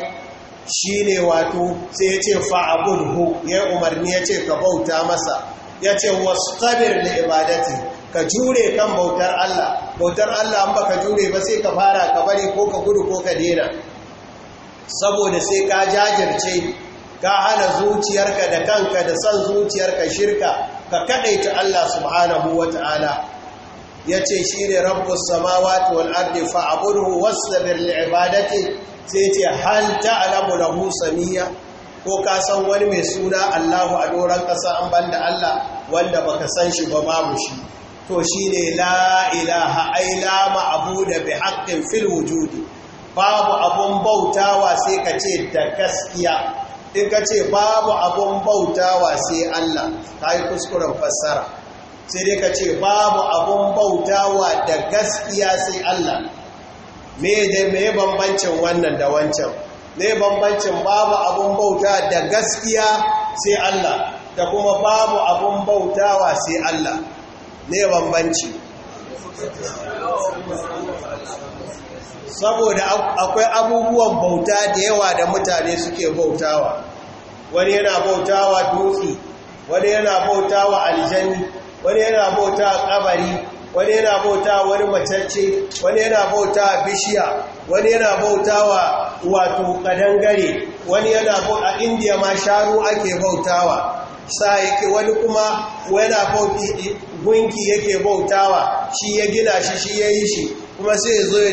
shi ne wato sai ya ce hu ya umarni ya ce ka bauta masa ya ce wasu tabir da ibadati ka jure kan bautar Allah bautar Allah an baka jure ba sai ka fara ka bari ko ka gudu ko ka dena saboda sai ka jajirce ka hana zuciyarka da kanka da son zuciyarka shirka ka kaɗaita Allah subhanahu wa ta'ala yace shine rabbus samawati wal ardi fa'budhu wasbir li ibadati sai yace hal ta'lamu lahu samia ko ka san wani mai suna Allahu a doran kasa an banda Allah wanda baka san shi ba babu shi to shine la ilaha illa ma'budu bi haqqin fil wujudi babu abun bautawa sai ka ce da gaskiya in ka ce babu abun bautawa sai Allah ka yi kuskuren fassara sai dai ka ce babu abun bautawa da gaskiya sai Allah me dai me bambancin wannan da wancan me bambancin babu abun bauta da gaskiya sai Allah da kuma babu abun bautawa sai Allah me bambanci saboda akwai abubuwan bauta da yawa da mutane suke bautawa wani yana bautawa dutse wani yana bautawa aljanni wani yana bauta kabari wani yana bauta wani macece wani yana bauta bishiya wani yana bauta wa wato kadangare wani yana a indiya ma sharu ake bautawa sa yake wani kuma wani bauti gunki yake bautawa shi ya gina shi shi ya yi shi kuma sai ya zo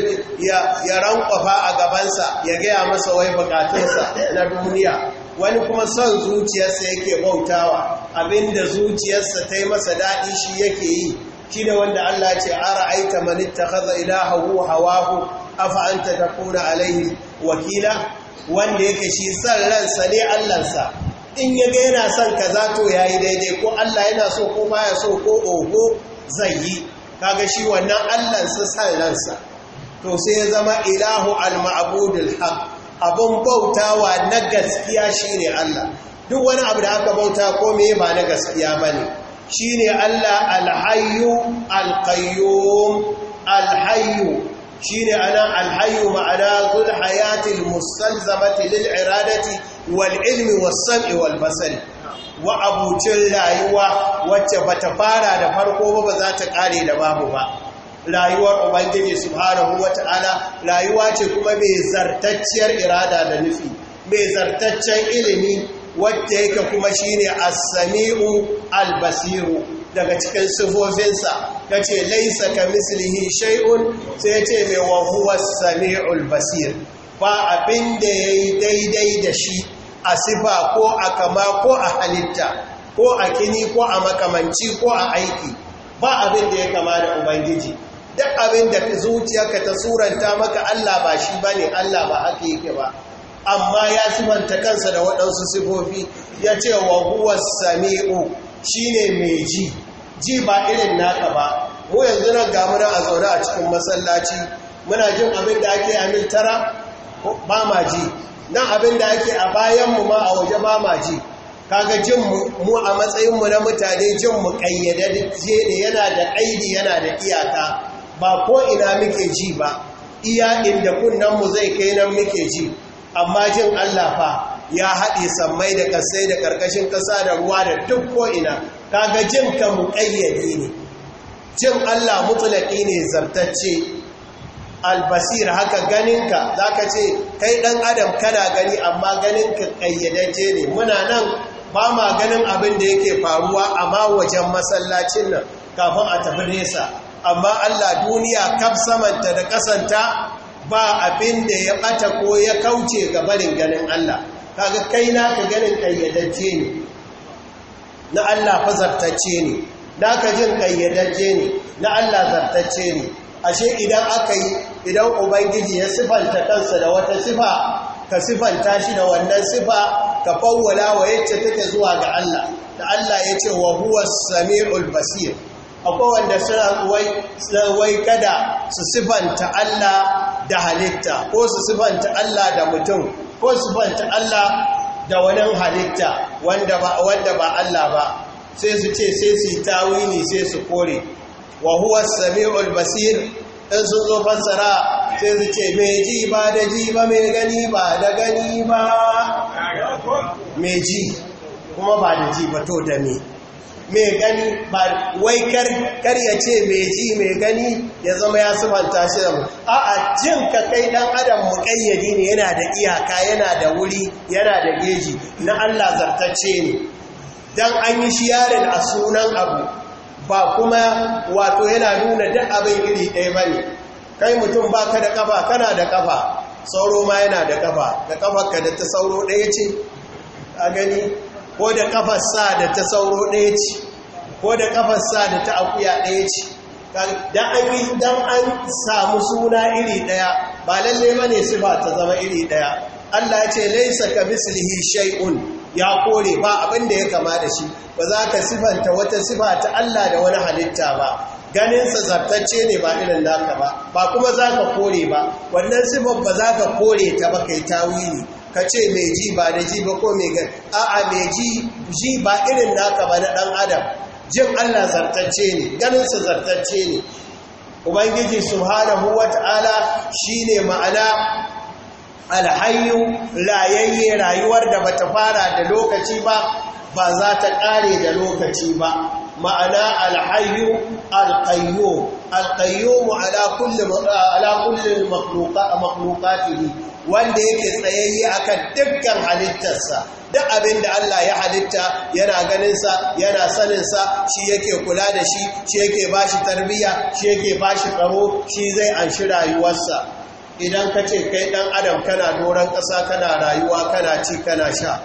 ya rankwafa a gabansa ya gaya masa wai bukatunsa na duniya wani kuma son zuciyarsa yake bautawa abinda zuciyarsa ta yi masa daɗi shi yake yi shi ne wanda Allah ce ara aita manitta kaza hawa hawahu afa'anta ta kuna alaihi wakila wanda yake shi san ransa ne allansa, in ya ga yana son kaza to yi daidai ko Allah yana so ko baya so ko ogo zai yi kaga shi wannan Allahnsa san ransa to sai ya zama ilahu al-ma'budul haqq abin bautawa na gaskiya shine Allah duk wani abu da aka bauta ko me ba na gaskiya bane shine Allah alhayyu alqayyum alhayyu shine anan alhayyu ma'ana zul hayatil mustalzamati lil iradati wal ilmi was sam'i wal basari wa abucin rayuwa wacce bata fara da farko ba ba za ta kare da babu ba rayuwar ubangiji subhanahu ta'ala, rayuwa ce kuma mai zartacciyar irada da nufi mai zartaccen ilimi wadda yake kuma shine as-sami'u al-basiru daga cikin sifofinsa Ta ce laisa ka mislihi shay'un sai ce mai wa huwa sami'ul basir ba abin da yayi daidai da shi a sifa ko a kama ko a halitta ko a kini ko a makamanci ko a aiki ba abin da ya kama da ubangiji duk abin da zuciyarka ta suranta maka Allah ba shi ba ne Allah ba haka yake ba amma ya sumanta kansa da waɗansu sifofi ya ce wa huwa sami'u shi ne mai ji ji ba irin naka ba mu yanzu nan ga muna a zaune a cikin masallaci muna jin abin da ake amin tara ba ma ji nan abin da ake a bayanmu ma a waje ba ma ji kaga jin mu a matsayinmu na mutane jin mu ƙayyade da yana da ƙaidi yana da iyaka ba ko ina muke ji ba iya inda mu zai kai nan muke ji amma jin Allah fa ya haɗe sammai da ƙasai da ƙarƙashin ƙasa da ruwa da duk ko ina kaga jin ka muƙayyadi ne jin Allah mutlaki ne zartacce albasir haka ganinka za ka ce kai ɗan adam kana gani amma ganinka ƙayyadajje ne muna nan ba ma ganin abin da yake faruwa amma wajen masallacin nan kafin a tafi nesa amma Allah duniya kaf samanta da kasanta ba abin da ya bata ko ya kauce ga barin ganin Allah kaga kai na ka ganin kayyadacce ne na Allah fazartacce ne da ka jin kayyadacce ne na Allah zartacce ne ashe idan aka yi idan ubangiji ya sifanta kansa da wata sifa ka sifanta shi da wannan sifa ka fawwala wa yacce take zuwa ga Allah da Allah ya ce wa huwa samiul basir akwai wanda suna wai kada su sifanta Allah da halitta ko su sifanta Allah da mutum ko su sifanta Allah da wani halitta wanda ba Allah ba sai su ce sai su yi ne sai su kore wa huwa samiul basir in sun zo fassara sai su ce mai ji ba da ji ba mai gani ba da gani ba mai ji kuma ba da ji ba to da mai mai gani ba wai kar ya ce mai ji mai gani ya zama ya sufanta shi da mu a'a jin ka kai ɗan adam mu ƙayyadi ne yana da iyaka yana da wuri yana da geji na Allah zartacce ne dan an yi shiyarin a sunan abu ba kuma wato yana nuna duk abin iri ɗaya ne. kai mutum ba ka da ƙafa? kana da kafa sauro ma yana da ƙafa. da ka da ta sauro ɗaya ce a gani ko da kafarsa da ta sauro ɗaya ce ko da kafarsa da ta akuya ɗaya ce don an samu suna iri ɗaya ba lalle ba ne sifa ta zama iri ɗaya allah ce laisa ka mislihi shay'un ya kore ba abinda ya kama da shi ba za ka sifanta wata sifa ta allah da wani halitta ba ganinsa zartacce ne ba irin naka ba ba kuma za ka kore ba wannan sifar ba za ka kore ta ba kai tawili ka ce mai ji ba da ji ba ko mai gani a'a mai ji ba irin naka ba na ɗan adam jin allah zartacce ne ganinsa zartacce ne ubangiji su ta'ala shi shine ma'ana alhayu layayye rayuwar da bata fara da lokaci ba ba za ta kare da lokaci ba ma'ana alhayu alqayyum alqayyum ala kulli ala kulli makhluqatihi wanda yake tsayayye akan dukkan halittarsa duk abin da Allah ya halitta yana ganinsa yana saninsa shi yake kula da shi shi yake ba shi tarbiyya shi yake ba shi tsaro shi zai anshi rayuwarsa idan ka ce kai ɗan adam kana doron ƙasa kana rayuwa kana ci kana sha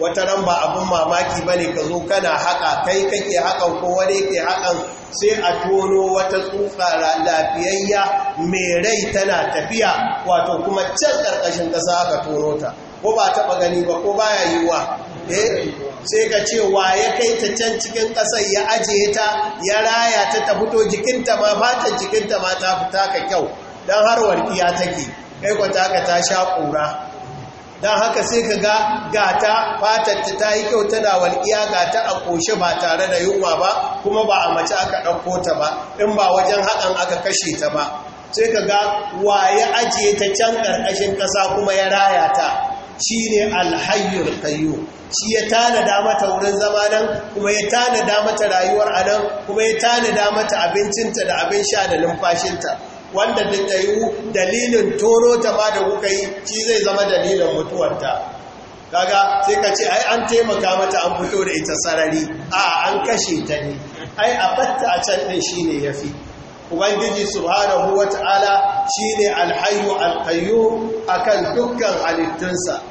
wata ran ba abin mamaki ba ne ka zo kana haka kai kake haƙan ko wani yake hakan sai a tono wata tsufa lafiyayya mai rai tana tafiya wato kuma can ƙarƙashin ƙasa aka tono ta ko ba taɓa gani ba ko baya yi wa eh, sai ka ce wa ya kai ta can cikin ƙasar ya ajiye ta ya raya ta ta fito jikinta ma fatan jikinta ma ta fita ka kyau dan har warkiya take kai kwata ka ta sha ƙura. don haka sai ka ga gata fatatta ta yi kyau tana walƙiya gata a ƙoshe ba tare da yunwa ba kuma ba a mace aka ɗauko ta ba in ba wajen haɗan aka kashe ta ba sai ka ga wa ya ajiye ta can ƙarƙashin ƙasa kuma ya raya ta shi ne alhayyar kayo shi ya tanada mata wurin zama nan kuma ya tanada mata rayuwar a nan kuma ya tanada mata abincinta da abin sha da numfashinta wanda da yi dalilin toro ta ma da kuka yi shi zai zama dalilin mutuwarta kaga sai ka ce ai an taimaka mata an fito da ita sarari a an kashe ta ne ai a batta a can ɗin shi ne ya fi ubangiji subhanahu wa ta'ala shi ne alhayu alkayu a kan dukkan halittunsa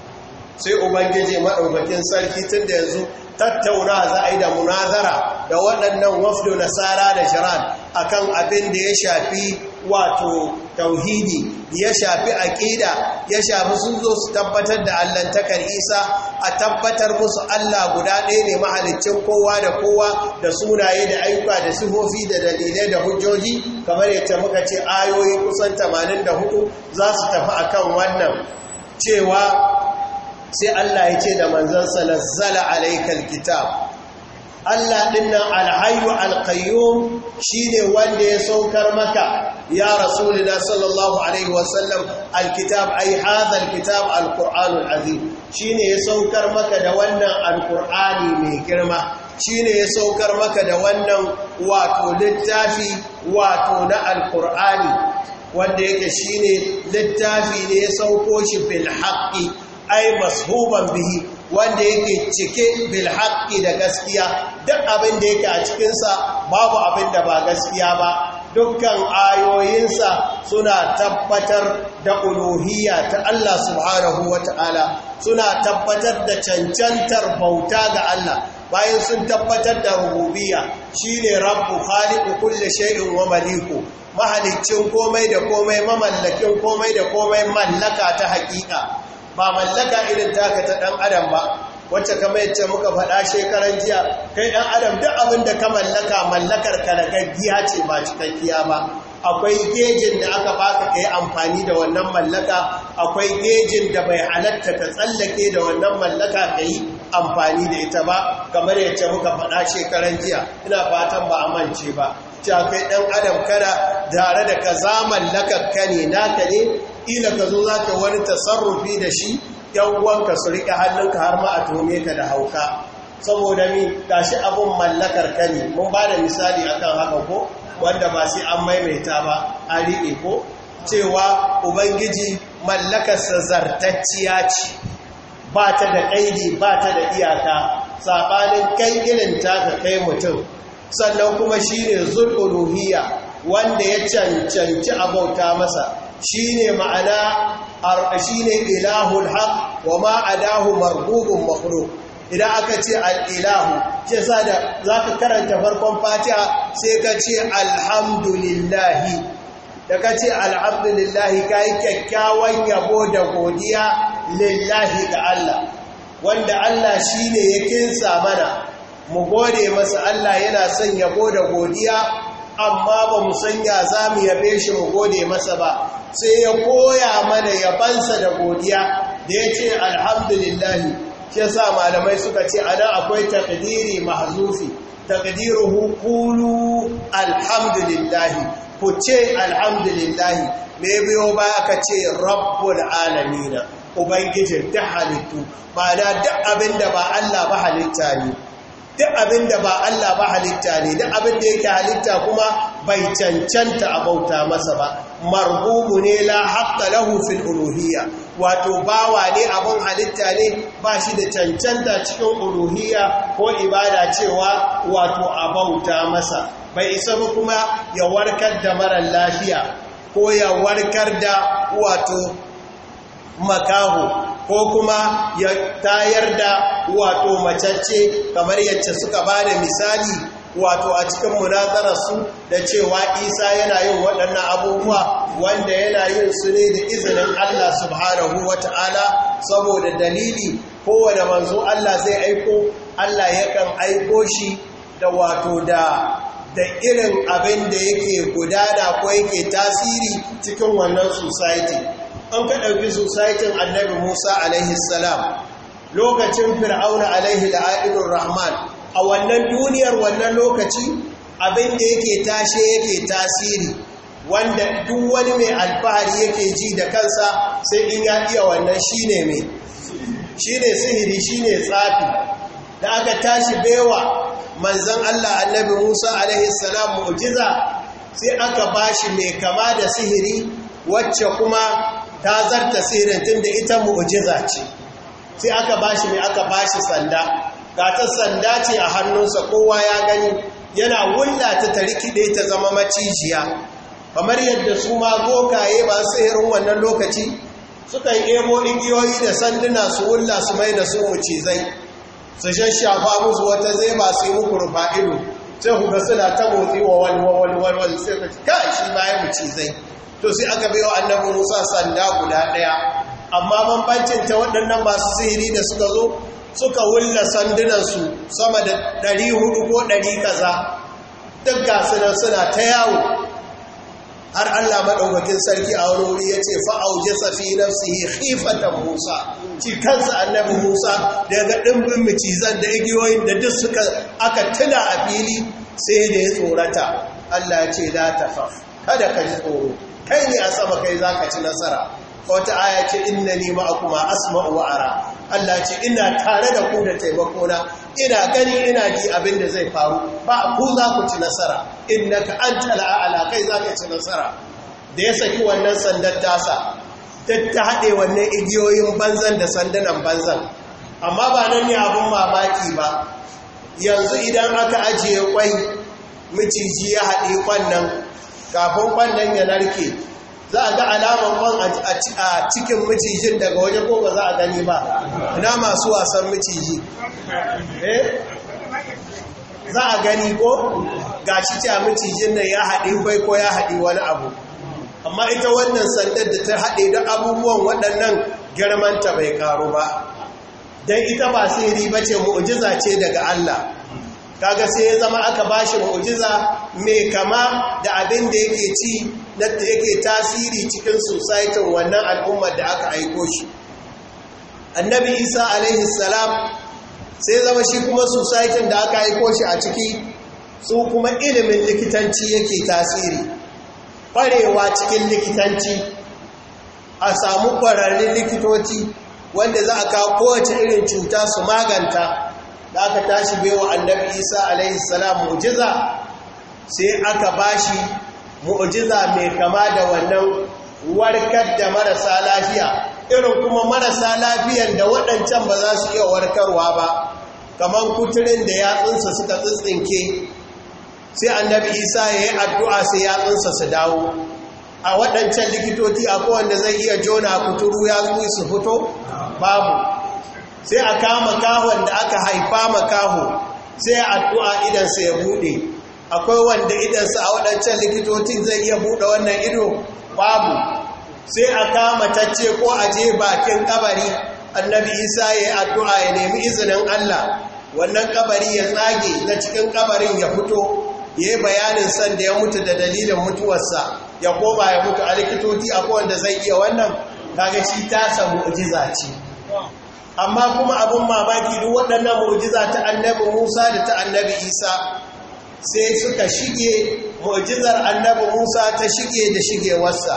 sai ubangiji maɗaukakin sarki tun da yanzu tattauna za a yi da munazara da waɗannan wafdo nasara da shirar akan abin da ya shafi wato tauhidi ya shafi aƙida ya shafi sun zo su tabbatar da allahntakar isa a tabbatar musu allah guda ɗaya ne mahalicin kowa da kowa da sunaye da ayyuka da sifofi da dalilai da hujjoji kamar yadda muka ce ayoyi kusan 84 za su tafi akan wannan cewa sai allah ya ce da manzansa nazzala alaikal kitab Allah dinnan alhayu shi shine wanda ya saukar maka ya rasulina sallallahu alaihi wasallam alkitab ai hadha alkitab alqur'anul azim ne ya saukar maka da wannan alqur'ani mai girma ne ya saukar maka da wannan wato littafi wato na alkur'ani wanda yake shine littafi ne ya sauko shi bil haƙƙi ai mashuban bihi wanda yake cike bil da gaskiya duk abin da yake a cikinsa babu abin da ba gaskiya ba dukkan ayoyinsa suna tabbatar da uluhiyya ta Allah subhanahu wata'ala suna tabbatar da cancantar bauta ga Allah bayan sun tabbatar da rububiyya shine rabbu khaliqu kulle shay'in wa maliku mahalicin komai da komai mamallakin komai da komai mallaka ta haƙiƙa ba mallaka irin taka ta ɗan adam ba wacce kama yace muka faɗa shekaran jiya kai ɗan adam duk abin da ka mallaka mallakar ka gaggiya ce ba cikakkiya ba akwai gejin da aka baka ka yi amfani da wannan mallaka akwai gejin da bai halatta ka tsallake da wannan mallaka ka yi amfani da ita ba kamar yace muka faɗa shekaran jiya ina fatan ba a ba cewa kai ɗan adam kada tare da ka za mallakar ka ne naka ne kila ka zo za wani tasarrufi da shi ‘yan uwanka su riƙe hannunka har ma a tome ka da hauka saboda mi tashi abin mallakar ka ne mun ba da misali akan haka ko wanda ba sai an maimaita ba a riƙe ko cewa ubangiji mallakarsa zartacciya ce ba ta da ƙaidi ba ta da iyaka saɓanin kai irin ka kai mutum sannan kuma shi ne wanda ya cancanci abauta masa Shi ne ma'ana shine ilahun haq wa ma adahu marbubun makhluq idan aka ce al'ilahu? ilahu sa da za zaka karanta farkon Fatiha sai ka ce alhamdulillahi da ka ce alhamdulillahi yi kyakkyawan yabo da godiya lillahi ga Allah wanda Allah shine ya kinsa mana mu gode masa Allah yana son yabo da godiya amma ba mu sanya za mu yabe shi mu gode masa ba sai ya koya mana yabansa da godiya da ya ce alhamdulillahi shi sa malamai suka ce ana akwai takdiri mahzufi takdiruhu qulu alhamdulillahi ku ce alhamdulillahi me biyo ba aka ce rabbul alamin ubangijin ta halittu ba da duk abinda ba Allah ba halitta ne duk abin da ba Allah ba halitta ne duk abin da yake halitta kuma bai cancanta a bauta masa ba marhumu ne la haqqa lahu fil uluhiyya wato bawa ne abin halitta ne ba shi da cancanta cikin uluhiyya ko ibada cewa wato a bauta masa bai isa ba kuma ya warkar da mara lafiya ko ya warkar da wato makaho ko kuma ya tayar da wato macacce kamar yadda suka ba da misali wato a cikin munazararsu da cewa isa yana yin waɗannan abubuwa wanda yana yin su ne da izinin allah subhanahu wata'ala saboda dalili kowane manzo allah zai aiko allah yakan aiko shi da wato da da irin abin da yake gudana ko yake tasiri cikin wannan society an ka ɗauki sosaitin annabi musa alaihi salam lokacin fir'auna alaihi la'adinun rahman a wannan duniyar wannan lokaci abin da yake tashe yake tasiri wanda duk wani mai alfahari yake ji da kansa sai in ya iya wannan shine mai ne sihiri shine tsafi da aka tashi baiwa manzon Allah annabi Musa alaihi salam mu'jiza sai aka bashi mai kama da sihiri wacce kuma ta zarta sirin tun da ita mu'ujiza ce sai aka bashi mai aka ba shi sanda ta sanda ce a hannunsa kowa ya gani yana wulla ta ta ta zama macijiya kamar yadda su ma gokaye ba su irin wannan lokaci sukan ebo igiyoyi da sanduna su wulla su mai da su mucizai su shashafa musu wata zai ba su yi muku rufa ido sai ku ga suna ta motsi wa wani sai ka ci kai shi baya mucizai to sai aka bai wa annabi musa sanda guda ɗaya amma bambancin ta waɗannan masu sihiri da suka zo suka wulla su sama da ɗari hudu ko ɗari kaza duk gasunan suna ta yawo har allah madaukakin sarki a wani wuri ya ce fa'auje safi na khifatan musa ci kansa annabi musa da ga ɗimbin macizan da igiyoyin da duk suka aka tuna a fili sai da ya tsorata allah ya ce la tafaf kada ka ji tsoro kai ne a sama kai za ka ci nasara wata aya ce inna a kuma asma'u wa ara Allah ce ina tare da ku da taimakona ina gani ina ji abin da zai faru ba ku za ku ci nasara an tala a'la kai za ka ci nasara da ya saki wannan sandar tasa ta haɗe wannan igiyoyin banzan da sandanan banzan amma ba nan ne abin mamaki ba yanzu idan aka ajiye kwai miciji ya haɗe kwannan. kafin kwan ya narke za a ga alamar kwan a cikin macijin daga waje ko ba za a gani ba ina masu wasan maciji eh? za a gani ko ga ci a macijin nan ya haɗe bai ko ya haɗe wani abu amma ita wannan sandar da ta haɗe da abubuwan waɗannan girmanta bai karu ba don ita ba sai riba ce mu'ujiza ce daga Allah kaga sai ya zama aka bashi mu'jiza mai kama da abin da yake ci da yake tasiri cikin society wannan al'ummar da aka aiko shi annabi isa alaihi salam sai zama shi kuma society da aka aiko shi a ciki su kuma ilimin likitanci yake tasiri kwarewa cikin likitanci a samu kwararrun likitoci wanda za a kawo kowace irin cuta su maganta da aka tashi baiwa annabi isa alaihi salam mu'jiza sai aka bashi mu'jiza mai kama da wannan warkar da marasa lafiya irin kuma marasa lafiyan da waɗancan ba za su iya warkarwa ba kamar kuturin da yatsunsa suka tsintsinke sai annabi isa ya yi addu'a sai yatsunsa su dawo a waɗancan likitoci akwai wanda zai iya jona kuturu ya su fito babu sai a kama kahon da aka haifa makaho sai addu'a idansa ya bude akwai wanda idansa a waɗancan likitocin zai iya bude wannan ido babu sai a kama tacce ko a je bakin kabari annabi isa ya yi addu'a ya nemi izinin allah wannan kabari ya tsage na cikin kabarin ya fito ya yi bayanin san da ya mutu da dalilin mutuwarsa ya koma ya mutu a likitoci akwai wanda zai iya wannan kaga shi ta samu ujiza ce amma kuma abin mamaki duk waɗannan mu'jiza ta annabi Musa da ta annabi Isa sai suka shige mu'jizar annabi Musa ta shige da shigewarsa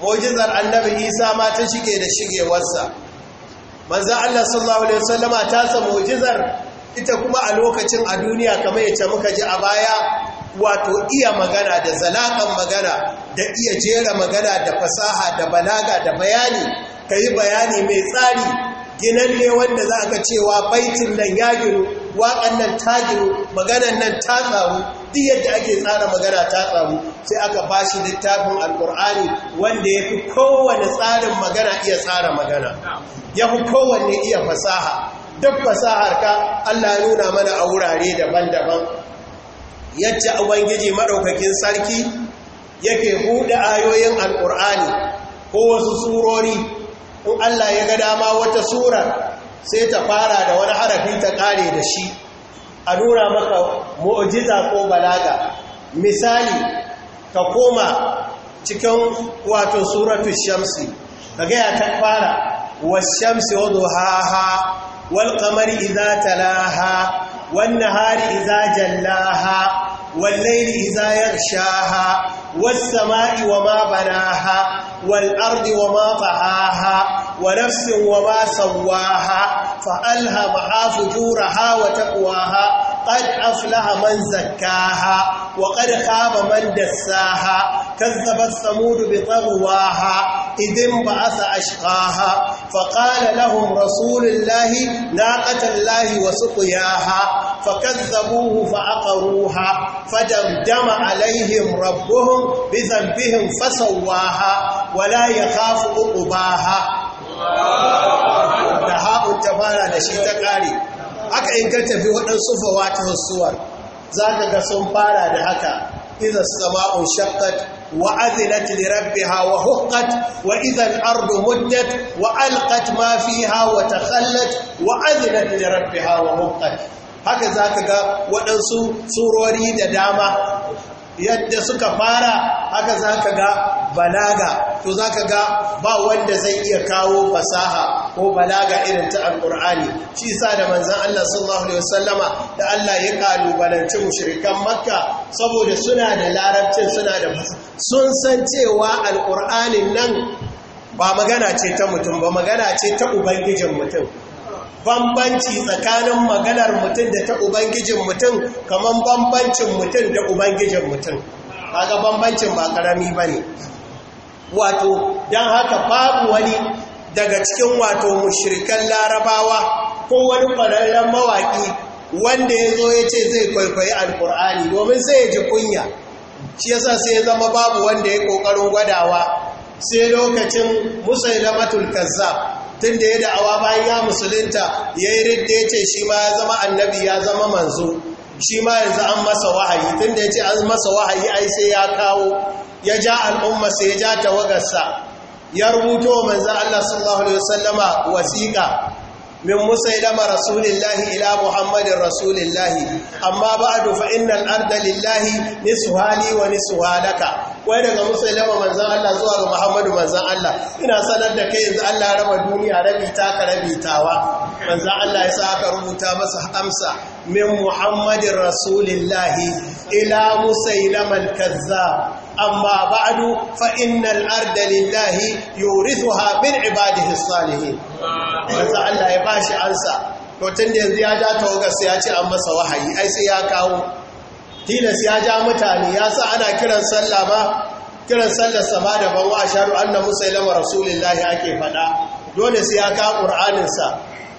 mu'jizar annabi Isa ma ta shige da shigewarsa manzo Allah sallallahu alaihi wasallama ta sa mu'jizar ita kuma a lokacin a duniya kamar yace muka ji a baya wato iya magana da zalakan magana da iya jera magana da fasaha da balaga da bayani ka yi bayani mai tsari ne wanda za a ga cewa baitin nan ya giru waƙan nan ta giru maganan nan ta tsaru duk yadda ake tsara magana ta tsaru sai aka ba shi littafin alƙur'ani wanda ya fi kowane tsarin magana iya tsara magana ya fi kowanne iya fasaha duk fasahar ka allah nuna mana a wurare daban-daban yadda ubangiji maɗaukakin sarki yake buɗe ayoyin alƙur'ani ko wasu surori in Allah ya ga dama wata sura sai ta fara da wani harafi ta kare da shi a nura maka mu'jiza ko balaga misali ka koma cikin wato suratul shamsi kaga ya ta fara wash-shamsi wadhaha wal-qamari idza talaha wan-nahari idza jallaha wal-layli idza yaghshaha والسماء وما بناها والأرض وما طهاها ونفس وما سواها فألهمها فجورها وتقواها قد أفلح من زكاها وقد خاب من دساها كذبت ثمود بطغواها إذ انبعث أشقاها فقال لهم رسول الله ناقة الله وسقياها فكذبوه فعقروها فدمدم عليهم ربهم بذنبهم فسواها ولا يخاف عقباها da ha'un ta fara da shi ta ƙare aka in ka tafi waɗansu fawatin suwar za ka ga sun fara da haka idan sama'un shakkat وأذنت لربها وهقت وإذا الأرض مدت وألقت ما فيها وتخلت وأذنت لربها وهقت haka za ka ga waɗansu tsorori da dama yadda suka fara haka za ka ga balaga to za ka ga ba wanda zai iya kawo fasaha ko balaga irin ta alkur'ani shi sa da manzan Allah sallallahu alaihi wasallama da Allah ya kalubalanci mushrikan makka saboda suna da larabcin suna da sun san cewa alkur'ani nan ba magana ce ta mutum ba magana ce ta ubangijin mutum bambanci tsakanin maganar mutum da ta ubangijin mutum kamar bambancin mutum da ubangijin mutum haka bambancin ba karami ne. wato don haka babu wani daga cikin wato mushirikan larabawa ko wani ƙwararren mawaƙi wanda ya zo ya ce zai kwaikwayi alkur'ani domin sai ya ji kunya shi yasa sai ya zama babu wanda ya ƙoƙarin gwadawa sai lokacin musailamatul kazzab tun da ya da'awa bayan ya musulunta ya yi ridda ya ce shi ma ya zama annabi ya zama manzo shi ma yanzu an masa wahayi tun da ya ce an masa wahayi ai sai ya kawo ya ja al'umma sai ya ja tawagarsa ya rubuto manzan Allah sallallahu alaihi wasallama wasiƙa Min مسيلم رسول ila إلى محمد رسول الله أما بعد فإن الأرض لله نسوها لي ونسوها لك wai daga musulama manzan Allah zuwa ga Muhammadu manzan Allah ina sanar da kai yanzu Allah raba duniya rabi ta ka rabi tawa Allah ya sa aka rubuta masa amsa min Muhammadin Rasulillahi ila musailama al-kazzab أما بعد فإن الأرض لله يورثها من عباده الصالحين manzo Allah ya bashi ansa to tun da yanzu ya ja sai ya ce an masa wahayi ai sai ya kawo tilas ya ja mutane ya sa ana kiran sallah kiran sallar sama da ban wa asharu anna musailama rasulullahi ake fada dole sai ya ka qur'anin sa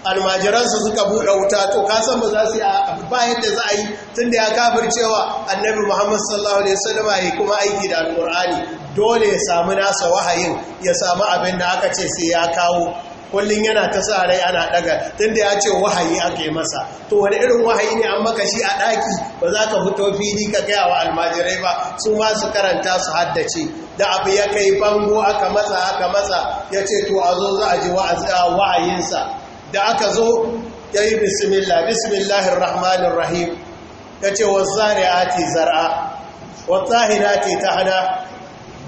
almajiransu suka buɗe wuta to kasan ba za su yi ba yadda za a yi tun da ya kafir cewa annabi muhammad sallallahu alaihi wasallam ya kuma aiki da alkur'ani dole ya samu nasa wahayin ya samu abin da aka ce sai ya kawo kullum yana ta sa rai ana ɗaga. tun da ya ce wahayi aka yi masa to wani irin wahayi ne an maka shi a ɗaki ba za ka fito fili ka gaya wa almajirai ba su ma su karanta su haddace da abu ya kai bango aka matsa aka matsa ya ce to a zo za a ji wa'ayinsa da aka zo ya yi bismillah bismillahir rahmanir rahim ya ce wazzari'ati zar'a wattahirati tahda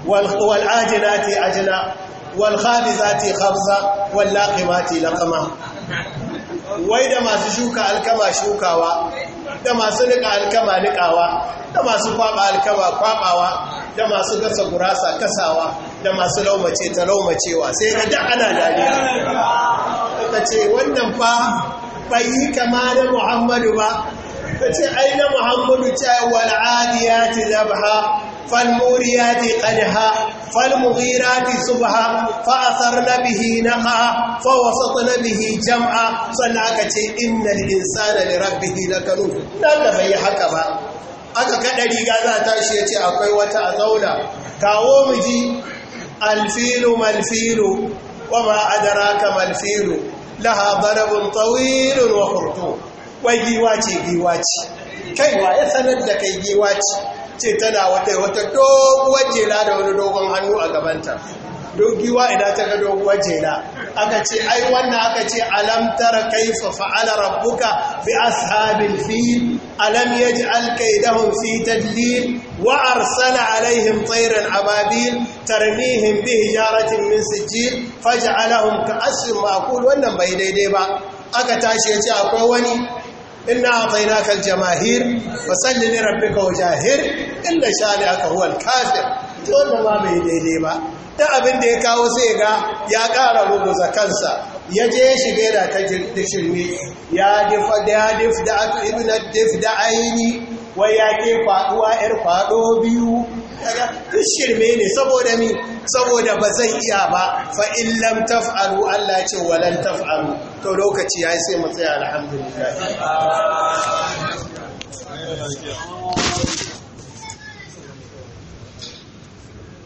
wal'ajinati ajina walhabizati khabza wallaqimati laqama wai da masu shuka alkama shukawa da masu nika alkama nikawa da masu kwaba alkama kwabawa da masu gasa gurasa kasawa da masu laumace ta laumacewa sai ga da ana dariya aka ce wannan fa bai yi kama da muhammadu ba ta ce aina muhammadu ta wal'adiya ti zabha falmuriya ti ƙadha falmuhira ti subha fa'asar na bihi na ha fawasat na bihi jam'a sannan aka ce inna linsa na lirabbi na kanu da bai yi haka ba aka kaɗa riga za ta shi ya ce akwai wata a zauna kawo mu ji alfilu malfilu wa ma adaraka laha barabun tsawilun wa hurtu wai giwa ce giwa ce kaiwa ya sanar da kai giwa ce ce tana wata wata doguwar jela da wani dogon hannu a gabanta don giwa idan ta ga doguwar jela aka ce ai wannan aka ce alam tara kaifa fa'ala rabbuka bi ashabil fil alam yaj'al kaydahum fi tadlil wa arsala alaihim tayran ababil tarmihim bi hijaratin min sijil faj'alahum ka'asfin ma'kul wannan bai daidai ba aka tashi yace akwai wani inna atainaka aljamahir fasalli li rabbika wajahir illa shani'aka huwal kafir to ba mai bai daidai ba da abin da ya kawo sai ga ya ƙara rubuza kansa ya je ya shiga ta shirme ya difa da ya difa da na difa da aini wai ya ke faɗuwa yar faɗo biyu shirme ne saboda mi saboda ba zai iya ba fa in lam taf'alu Allah ce walan taf'alu to lokaci ya yi sai mu tsaya alhamdulillah